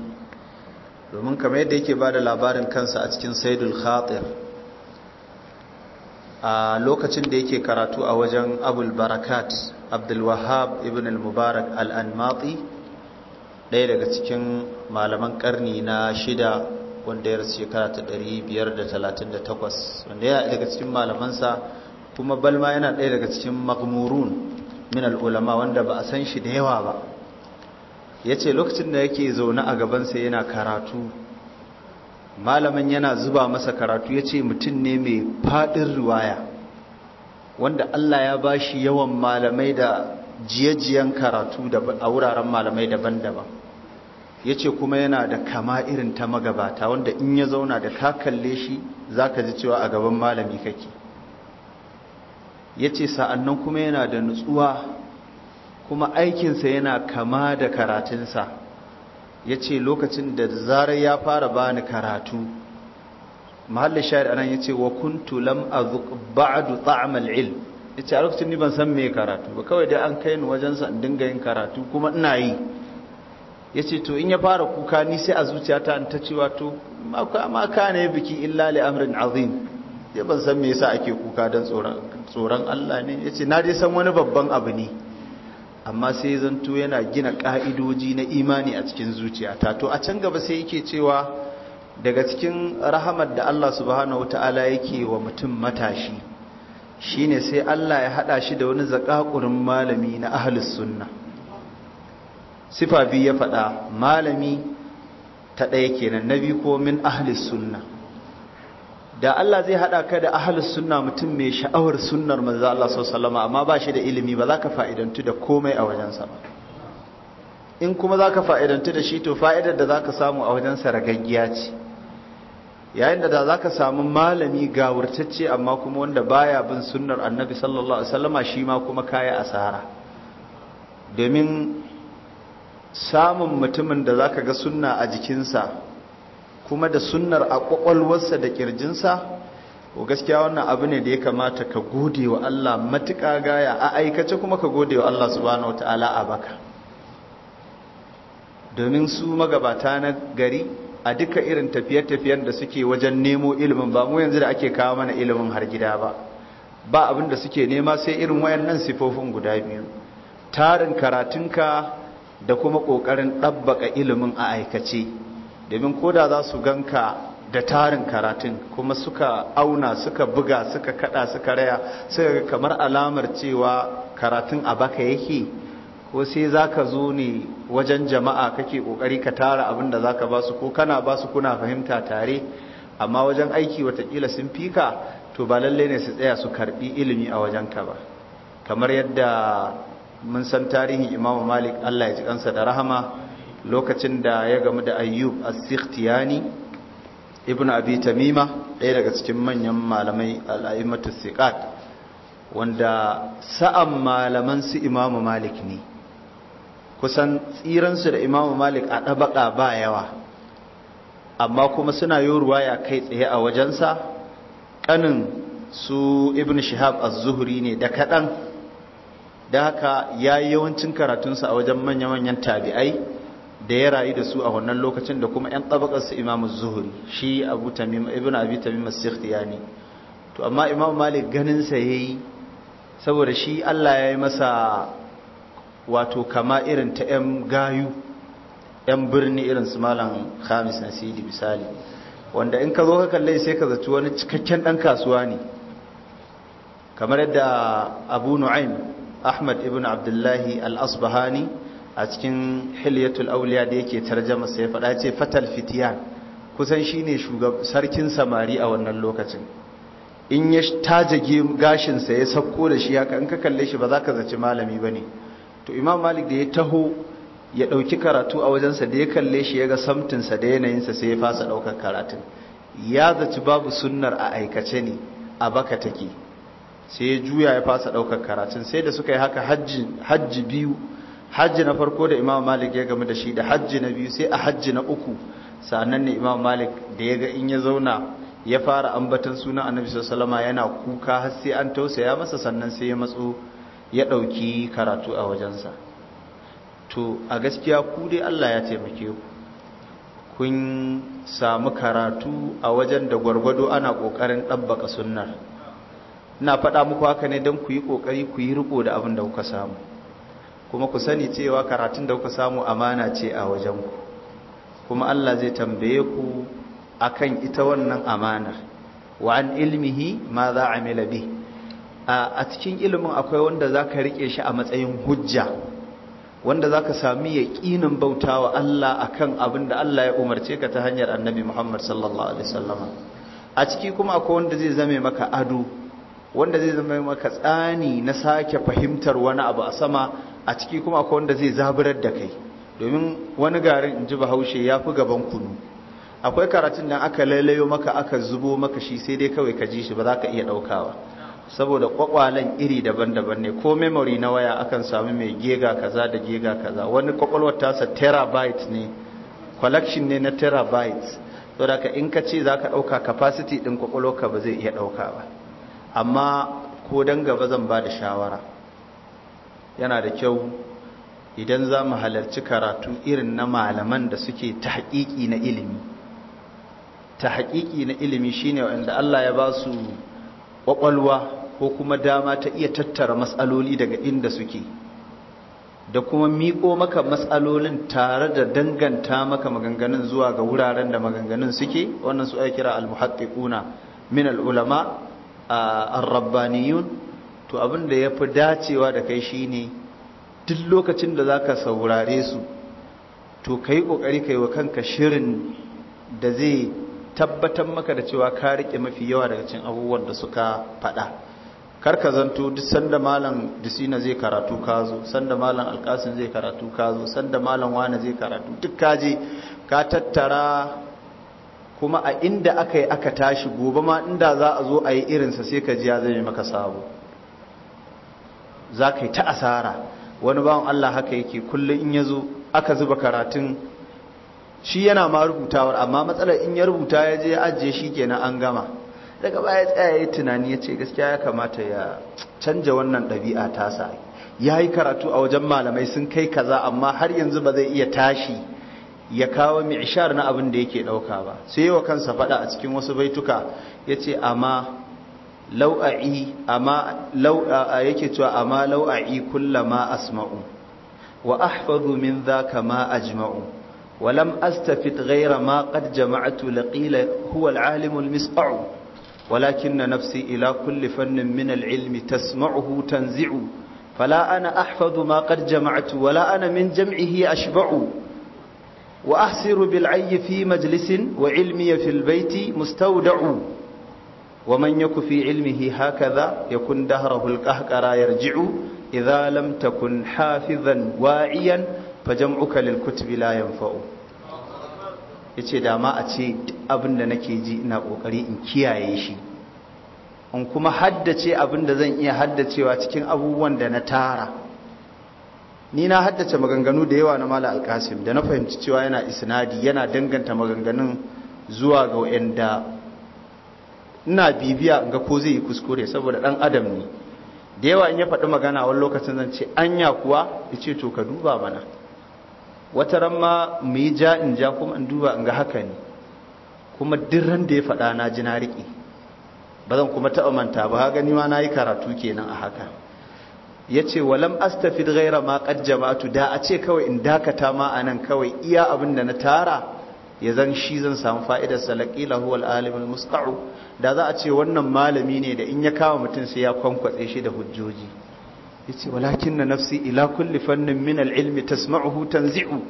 domin kamar yadda yake ba da labarin kansa a cikin saidul khatir a lokacin da yake karatu a wajen abul barakat abdulwahab ibn al-mubarak al-anmati ɗaya daga cikin malaman ƙarni na shida wanda ya rasu shekara ta ɗari biyar da 538 wanda ya daga cikin malamansa kuma balma yana ɗaya daga cikin magmurun min al'ulama wanda ba a san shi da yawa ba ya ce lokacin da yake zaune a gabansa yana karatu malamin yana zuba masa karatu ya ce mutum ne mai faɗin riwaya wanda Allah ya ba shi yawan malamai da jiyajiyan karatu a wuraren malamai daban-daban ya ce kuma yana da kama irin ta magabata wanda in ya zauna da ka kalle shi za ka ji cewa a gaban malami kake ya ce sa'annan kuma yana da nutsuwa kuma aikinsa yana kama da karatunsa ya ce lokacin da zarar ya fara bani karatu mahallin shayar anan ya ce wa kuntu lam a ba'adu ta'amal il ya ce a lokacin ni ban san mai karatu ba kawai dai an kai ni wajensa in dinga yin karatu kuma ina yi ya ce to in ya fara kuka ni sai a zuciyata ta ce wato ma ka ne biki illa li amrin azim ya ban san me yasa ake kuka don tsoron Allah ne ya ce na dai san wani babban abu ne amma sai zanto yana gina ka'idoji na imani a cikin zuciyata to a can gaba sai yake cewa daga cikin rahamar da Allah subhanahu wata'ala yake wa mutum matashi shine sai Allah ya hada shi da wani zakakurin malami na ahlus sunna sifa biyu ya faɗa malami ta ɗaya kenan na biyu ko min ahli sunna da Allah zai haɗa ka da ahli sunna mutum mai sha'awar sunnar manzo Allah sallallahu amma ba shi da ilimi ba za ka fa'idantu da komai a wajensa ba in kuma za ka fa'idantu da shi to fa'idar da za ka samu a wajensa ragaggiya ce yayin da da za ka samu malami gawurtacce amma kuma wanda baya bin sunnar annabi sallallahu alaihi wasallama shi ma kuma kaya asara domin samun mutumin da zaka ga sunna a jikinsa kuma da sunnar a kwakwalwarsa da kirjinsa ko gaskiya wannan abu ne da ya kamata ka gode wa Allah matuƙa gaya a aikace kuma ka gode wa Allah subhanahu wataala a baka domin su magabata na gari a duka irin tafiye-tafiyen da suke wajen nemo ilimin ba mu yanzu da ake kawo mana ilimin har gida ba ba abin da suke nema sai irin wayannan sifofin guda biyu tarin karatunka da kuma ƙoƙarin ɗabbaka ilimin a aikace domin koda za su ganka da tarin karatun kuma suka auna suka buga suka kada suka raya suka kamar alamar cewa karatun a baka yake ko sai za ka zo ne wajen jama'a kake ƙoƙari ka tara abin da za ka ba su ko kana ba su kuna fahimta tare amma wajen aiki watakila sun fika to ba lallai ne su tsaya su karbi ilimi a wajen ka ba kamar yadda mun san tarihin imam malik allah ya ji kansa da rahama lokacin da ya gamu da ayyub as-sikhtiyani ibn abi tamima ɗaya daga cikin manyan malamai al'aimatu siqat wanda sa'an malaman su imam malik ne kusan tsiransu da imam malik a ɗabaƙa ba yawa amma kuma suna yi ya kai tsaye a wajensa ƙanin su ibn shihab az-zuhri ne da kaɗan da haka ya yi yawancin karatunsa a wajen manya-manyan tabi'ai da ya rayu da su a wannan lokacin da kuma 'yan tabakarsa imamu zuhuri shi abu tamim ibn abi tamim ne to amma imamu malik ganin sa yi saboda shi Allah ya yi masa wato kama irin ta 'yan gayu 'yan birni irin su malam khamis Sidi misali wanda in ka zo ka kalle sai ka zaci wani cikakken ɗan kasuwa ne kamar yadda abu nu'aim ahmad ibn abdullahi al-asbahani a cikin hilyatul auliya da yake tarjama sai faɗa ce fatal fitiyan kusan shine shugab sarkin samari a wannan lokacin in ya tajage gashinsa ya sauko da shi ka in ka kalle shi ba za ka zaci malami ba ne to imam malik da ya taho ya ɗauki karatu a wajen sa da ya kalle shi ya ga samtinsa da sa sai ya fasa ɗaukar karatun ya zaci babu sunnar a aikace ne a baka take sai ya juya ya fasa ɗaukar karatun sai da suka yi haka hajji biyu hajji na farko da imam malik ya gamu da shi da hajji na biyu sai a hajji na uku sannan ne imam malik da ya ga in ya zauna ya fara ambatan sunan annabi sallama yana kuka har sai an tausaya masa sannan sai ya matso ya ɗauki karatu a wajensa to a gaskiya ku dai allah ya taimake ku kun samu karatu a wajen da gwargwado ana ƙoƙarin ɗabbaka sunnar ina faɗa muku haka ne don ku yi ƙoƙari ku yi riko da abin da kuka samu kuma ku sani cewa karatun da kuka samu amana ce a wajenku kuma Allah zai tambaye ku akan ita wannan amanar wa an ilmihi ma za a mila bi a cikin ilimin akwai wanda za ka riƙe shi a matsayin hujja wanda za ka sami yaƙinin bautawa Allah akan abin da Allah ya umarce ka ta hanyar annabi Muhammad sallallahu alaihi wasallama a ciki kuma akwai wanda zai zame maka ado wanda zai zama maka tsani na sake fahimtar wani abu a sama a ciki kuma akwai wanda zai zaburar da kai domin wani garin in ji bahaushe ya fi gaban kunu akwai karatun da aka lailayo maka aka zubo maka shi sai dai kawai ka ji shi ba za ka iya ɗaukawa saboda kwakwalen iri daban-daban ne ko memory na waya akan samu mai gega kaza da gega kaza wani kwakwalwar tasa terabyte ne collection ne na terabyte saboda ka in ka ce za ka ɗauka capacity ɗin kwakwalwarka ba zai iya ɗauka ba amma ko don gaba zan ba da shawara yana da kyau idan za mu halarci karatu irin na malaman da suke ta haƙiƙi na ilimi ta haƙiƙi na ilimi shine wanda Allah ya ba su ƙwaƙwalwa ko kuma dama ta iya tattara matsaloli daga inda suke da kuma miƙo maka matsalolin tare da danganta maka maganganun zuwa ga wuraren da maganganun suke wannan su aikira kira al-muhaqqiquna min al-ulama arrabbaniyun to abin da ya fi dacewa da kai shi ne, duk lokacin da za ka saurare su to ka yi ƙoƙari ka yi wa kanka shirin da zai tabbatar maka da cewa ka riƙe mafi yawa daga cin abubuwan da suka faɗa kar ka zanto duk sanda malam disina zai karatu ka zo sanda malam alƙasin zai karatu ka zo sanda malam wane zai karatu duk ka je ka tattara kuma a inda aka yi aka tashi gobe ma inda za a zo a yi irinsa sai ka ji ya zai maka sabo za ka yi ta asara wani bawan Allah haka yake kullum in ya zo aka zuba karatun shi yana ma rubutawar amma matsalar in ya rubuta ya je ya ajiye shi kenan an gama daga baya tsaya ya tunani ya ce gaskiya ya kamata ya canja wannan ɗabi'a tasa ya yi karatu a wajen malamai sun kai kaza amma har yanzu ba zai iya tashi ya kawo mi'ishar na abin da yake dauka ba sai wa kansa faɗa a cikin wasu baituka ya ce amma lau'a'i amma lau'a yake cewa amma lau'a'i kullama asma'u wa ahfadhu min dhaka ma ajma'u wa lam astafid ghayra ma qad jama'tu laqila huwa al al-misqa'u nafsi ila kulli fannin min al-ilmi tasma'uhu tanzi'u fala ana ahfadhu ma qad jama'tu wala ana min jam'ihi ashba'u وأحسر بالعي في مجلس وعلمي في البيت مستودع ومن يك في علمه هكذا يكن دهره القهقرى يرجع إذا لم تكن حافظا واعيا فجمعك للكتب لا ينفع yace da ma a ce abin da nake ji ina kokari in kiyaye shi in kuma haddace abin da zan iya haddacewa cikin abubuwan da na tara ni na haddace maganganu da yawa na mala alkasim da na fahimci cewa yana isnadi yana danganta maganganun zuwa ga wa'anda ina bibiya ga ko zai yi kuskure saboda dan adam ne da yawa in ya faɗi magana wani lokacin zan ce anya kuwa ya ce to ka duba mana wata ran ma mu yi ja in ja kuma in duba in ga haka ne kuma duk da ya faɗa na ji na riƙe ba zan kuma taɓa manta ba gani ma na yi karatu kenan a haka ya ce walam astafid ghaira ma qad jama'atu da a ce kawai in dakata ma a nan kawai iya abin da na tara ya zan shi zan samu fa'idar salaqila huwa al-alim al-musta'u da za a ce wannan malami ne da in ya kama mutum sai ya kwankwatse shi da hujjoji yace walakin na nafsi ila kulli fannin min al-ilmi tasma'uhu tanzi'u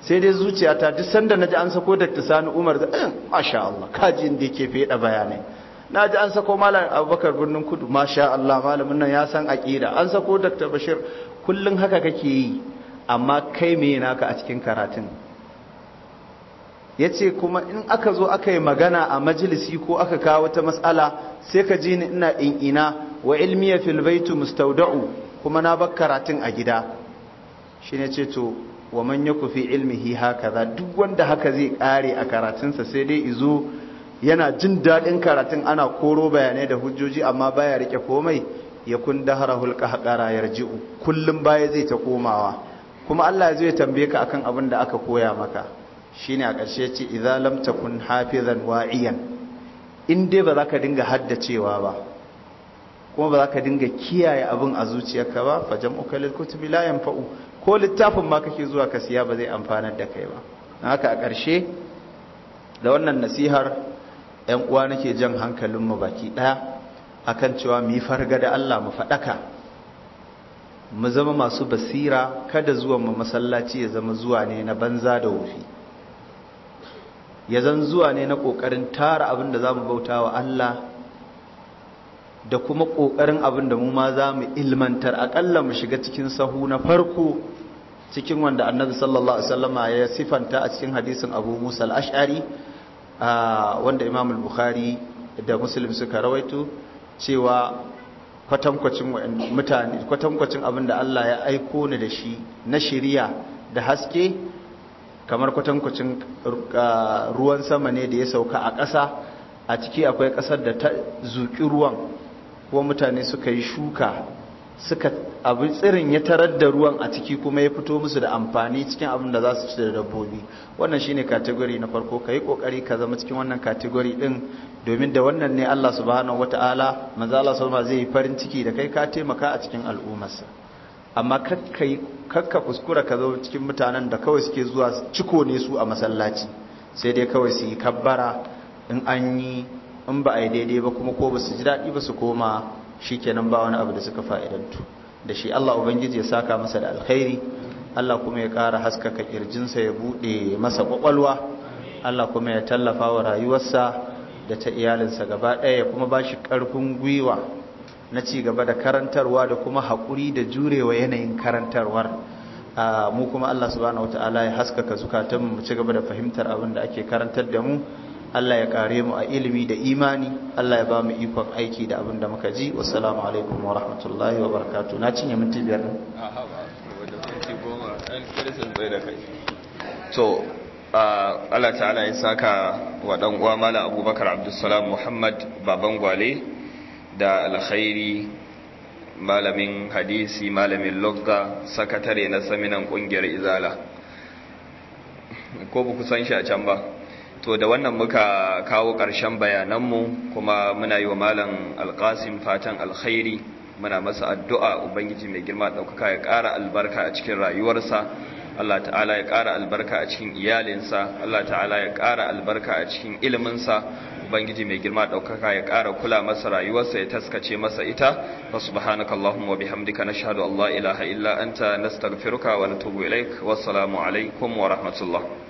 sai dai zuciyata duk sanda ji an sako Dr. Sani Umar da masha Allah kaji inda yake fada bayanai na ji an sako malam abubakar birnin kudu masha Allah malamin nan ya san aƙida an sako dr bashir kullum haka kake yi amma kai me naka a cikin karatun ya ce kuma in aka zo aka yi magana a majalisi ko aka kawo wata matsala sai ka ji ni ina in ina wa ilmiya filbaitu mustauda'u kuma na bar karatun a gida shi ne ce to wa manya kufi fi ilmihi za duk wanda haka zai kare a karatunsa sai dai izo yana jin daɗin karatun ana koro bayanai da hujjoji amma baya rike komai ya kun dahara hulka haƙara ya kullum baya zai ta komawa kuma Allah ya zai tambaye ka akan abin da aka koya maka shi ne a ƙarshe ce idza lam takun hafizan wa'iyan in dai ba za ka dinga haddacewa ba kuma ba za ka dinga kiyaye abin a zuciyarka ba fa kutubi la yanfa'u ko littafin ma kake zuwa ka siya ba zai amfanar da kai ba haka a ƙarshe da wannan nasihar ‘yan uwa nake jan hankalinmu baki ɗaya akan cewa mu yi farga da Allah mu faɗaka mu zama masu basira kada zuwan mu masallaci ya zama zuwa ne na banza da wufi ya zan zuwa ne na ƙoƙarin tara abin da za mu bauta wa Allah da kuma ƙoƙarin abin da mu ma za mu ilmantar aƙalla mu shiga cikin sahu na farko cikin wanda annabi sallallahu alaihi wasallama ya sifanta a cikin hadisin abu musa ashari wanda Imamul bukhari da muslim suka rawaito cewa kwatankwacin mutane kwatankwacin abin da Allah ya aiko ni da shi na shiriya da haske kamar kwatankwacin ruwan sama ne da ya sauka a ƙasa a ciki akwai ƙasar da ta zuƙi ruwan kuma mutane suka yi shuka suka abu tsirin ya tarar da ruwan a ciki kuma ya fito musu da amfani cikin abin da za su ci da dabbobi wannan shine kategori na farko ka yi kokari ka zama cikin wannan kategori din domin da wannan ne Allah subhanahu wataala manzo Allah sallallahu zai yi farin ciki da kai ka taimaka a cikin al'ummarsa amma kakkai kakka kuskura ka zama cikin mutanen da kawai suke zuwa ciko ne su a masallaci sai dai kawai su yi kabbara in an yi in ba a yi daidai ba kuma ko ba su ji daɗi ba su koma shikenan ba wani abu da suka fa'idantu da shi Allah ubangiji ya saka masa da alkhairi Allah kuma ya ƙara haskaka kirjinsa ya buɗe masa kwakwalwa Allah kuma ya tallafa wa rayuwarsa da ta iyalinsa gaba ɗaya ya kuma ba shi ƙarfin gwiwa na ci gaba da karantarwa da kuma haƙuri da jurewa yanayin karantarwar mu kuma Allah subhanahu wata'ala ya haskaka zukatanmu mu ci gaba da fahimtar abin da ake karantar da mu Allah ya kare mu a ilimi da imani Allah ya ba mu ikon aiki da abin da muka ji salamu alaikum wa rahmatullahi wa barakatu na cinye minti biyar ne to Allah ta'ala ya saka wa dan uwa mala abubakar abdulsalam muhammad baban gwale da alkhairi malamin hadisi malamin logga sakatare na saminan kungiyar izala ko ba ku san shi a can ba to da wannan muka kawo ƙarshen bayananmu kuma muna yi wa malam alƙasim fatan alkhairi muna masa addu'a ubangiji mai girma ɗaukaka ya ƙara albarka a cikin rayuwarsa Allah ta'ala ya ƙara albarka a cikin iyalinsa Allah ta'ala ya ƙara albarka a cikin iliminsa ubangiji mai girma ɗaukaka ya ƙara kula masa rayuwarsa ya taskace masa ita wa subhanaka allahumma bihamdika nashhadu an la ilaha illa anta nastaghfiruka wa natubu ilaik wassalamu alaikum wa rahmatullah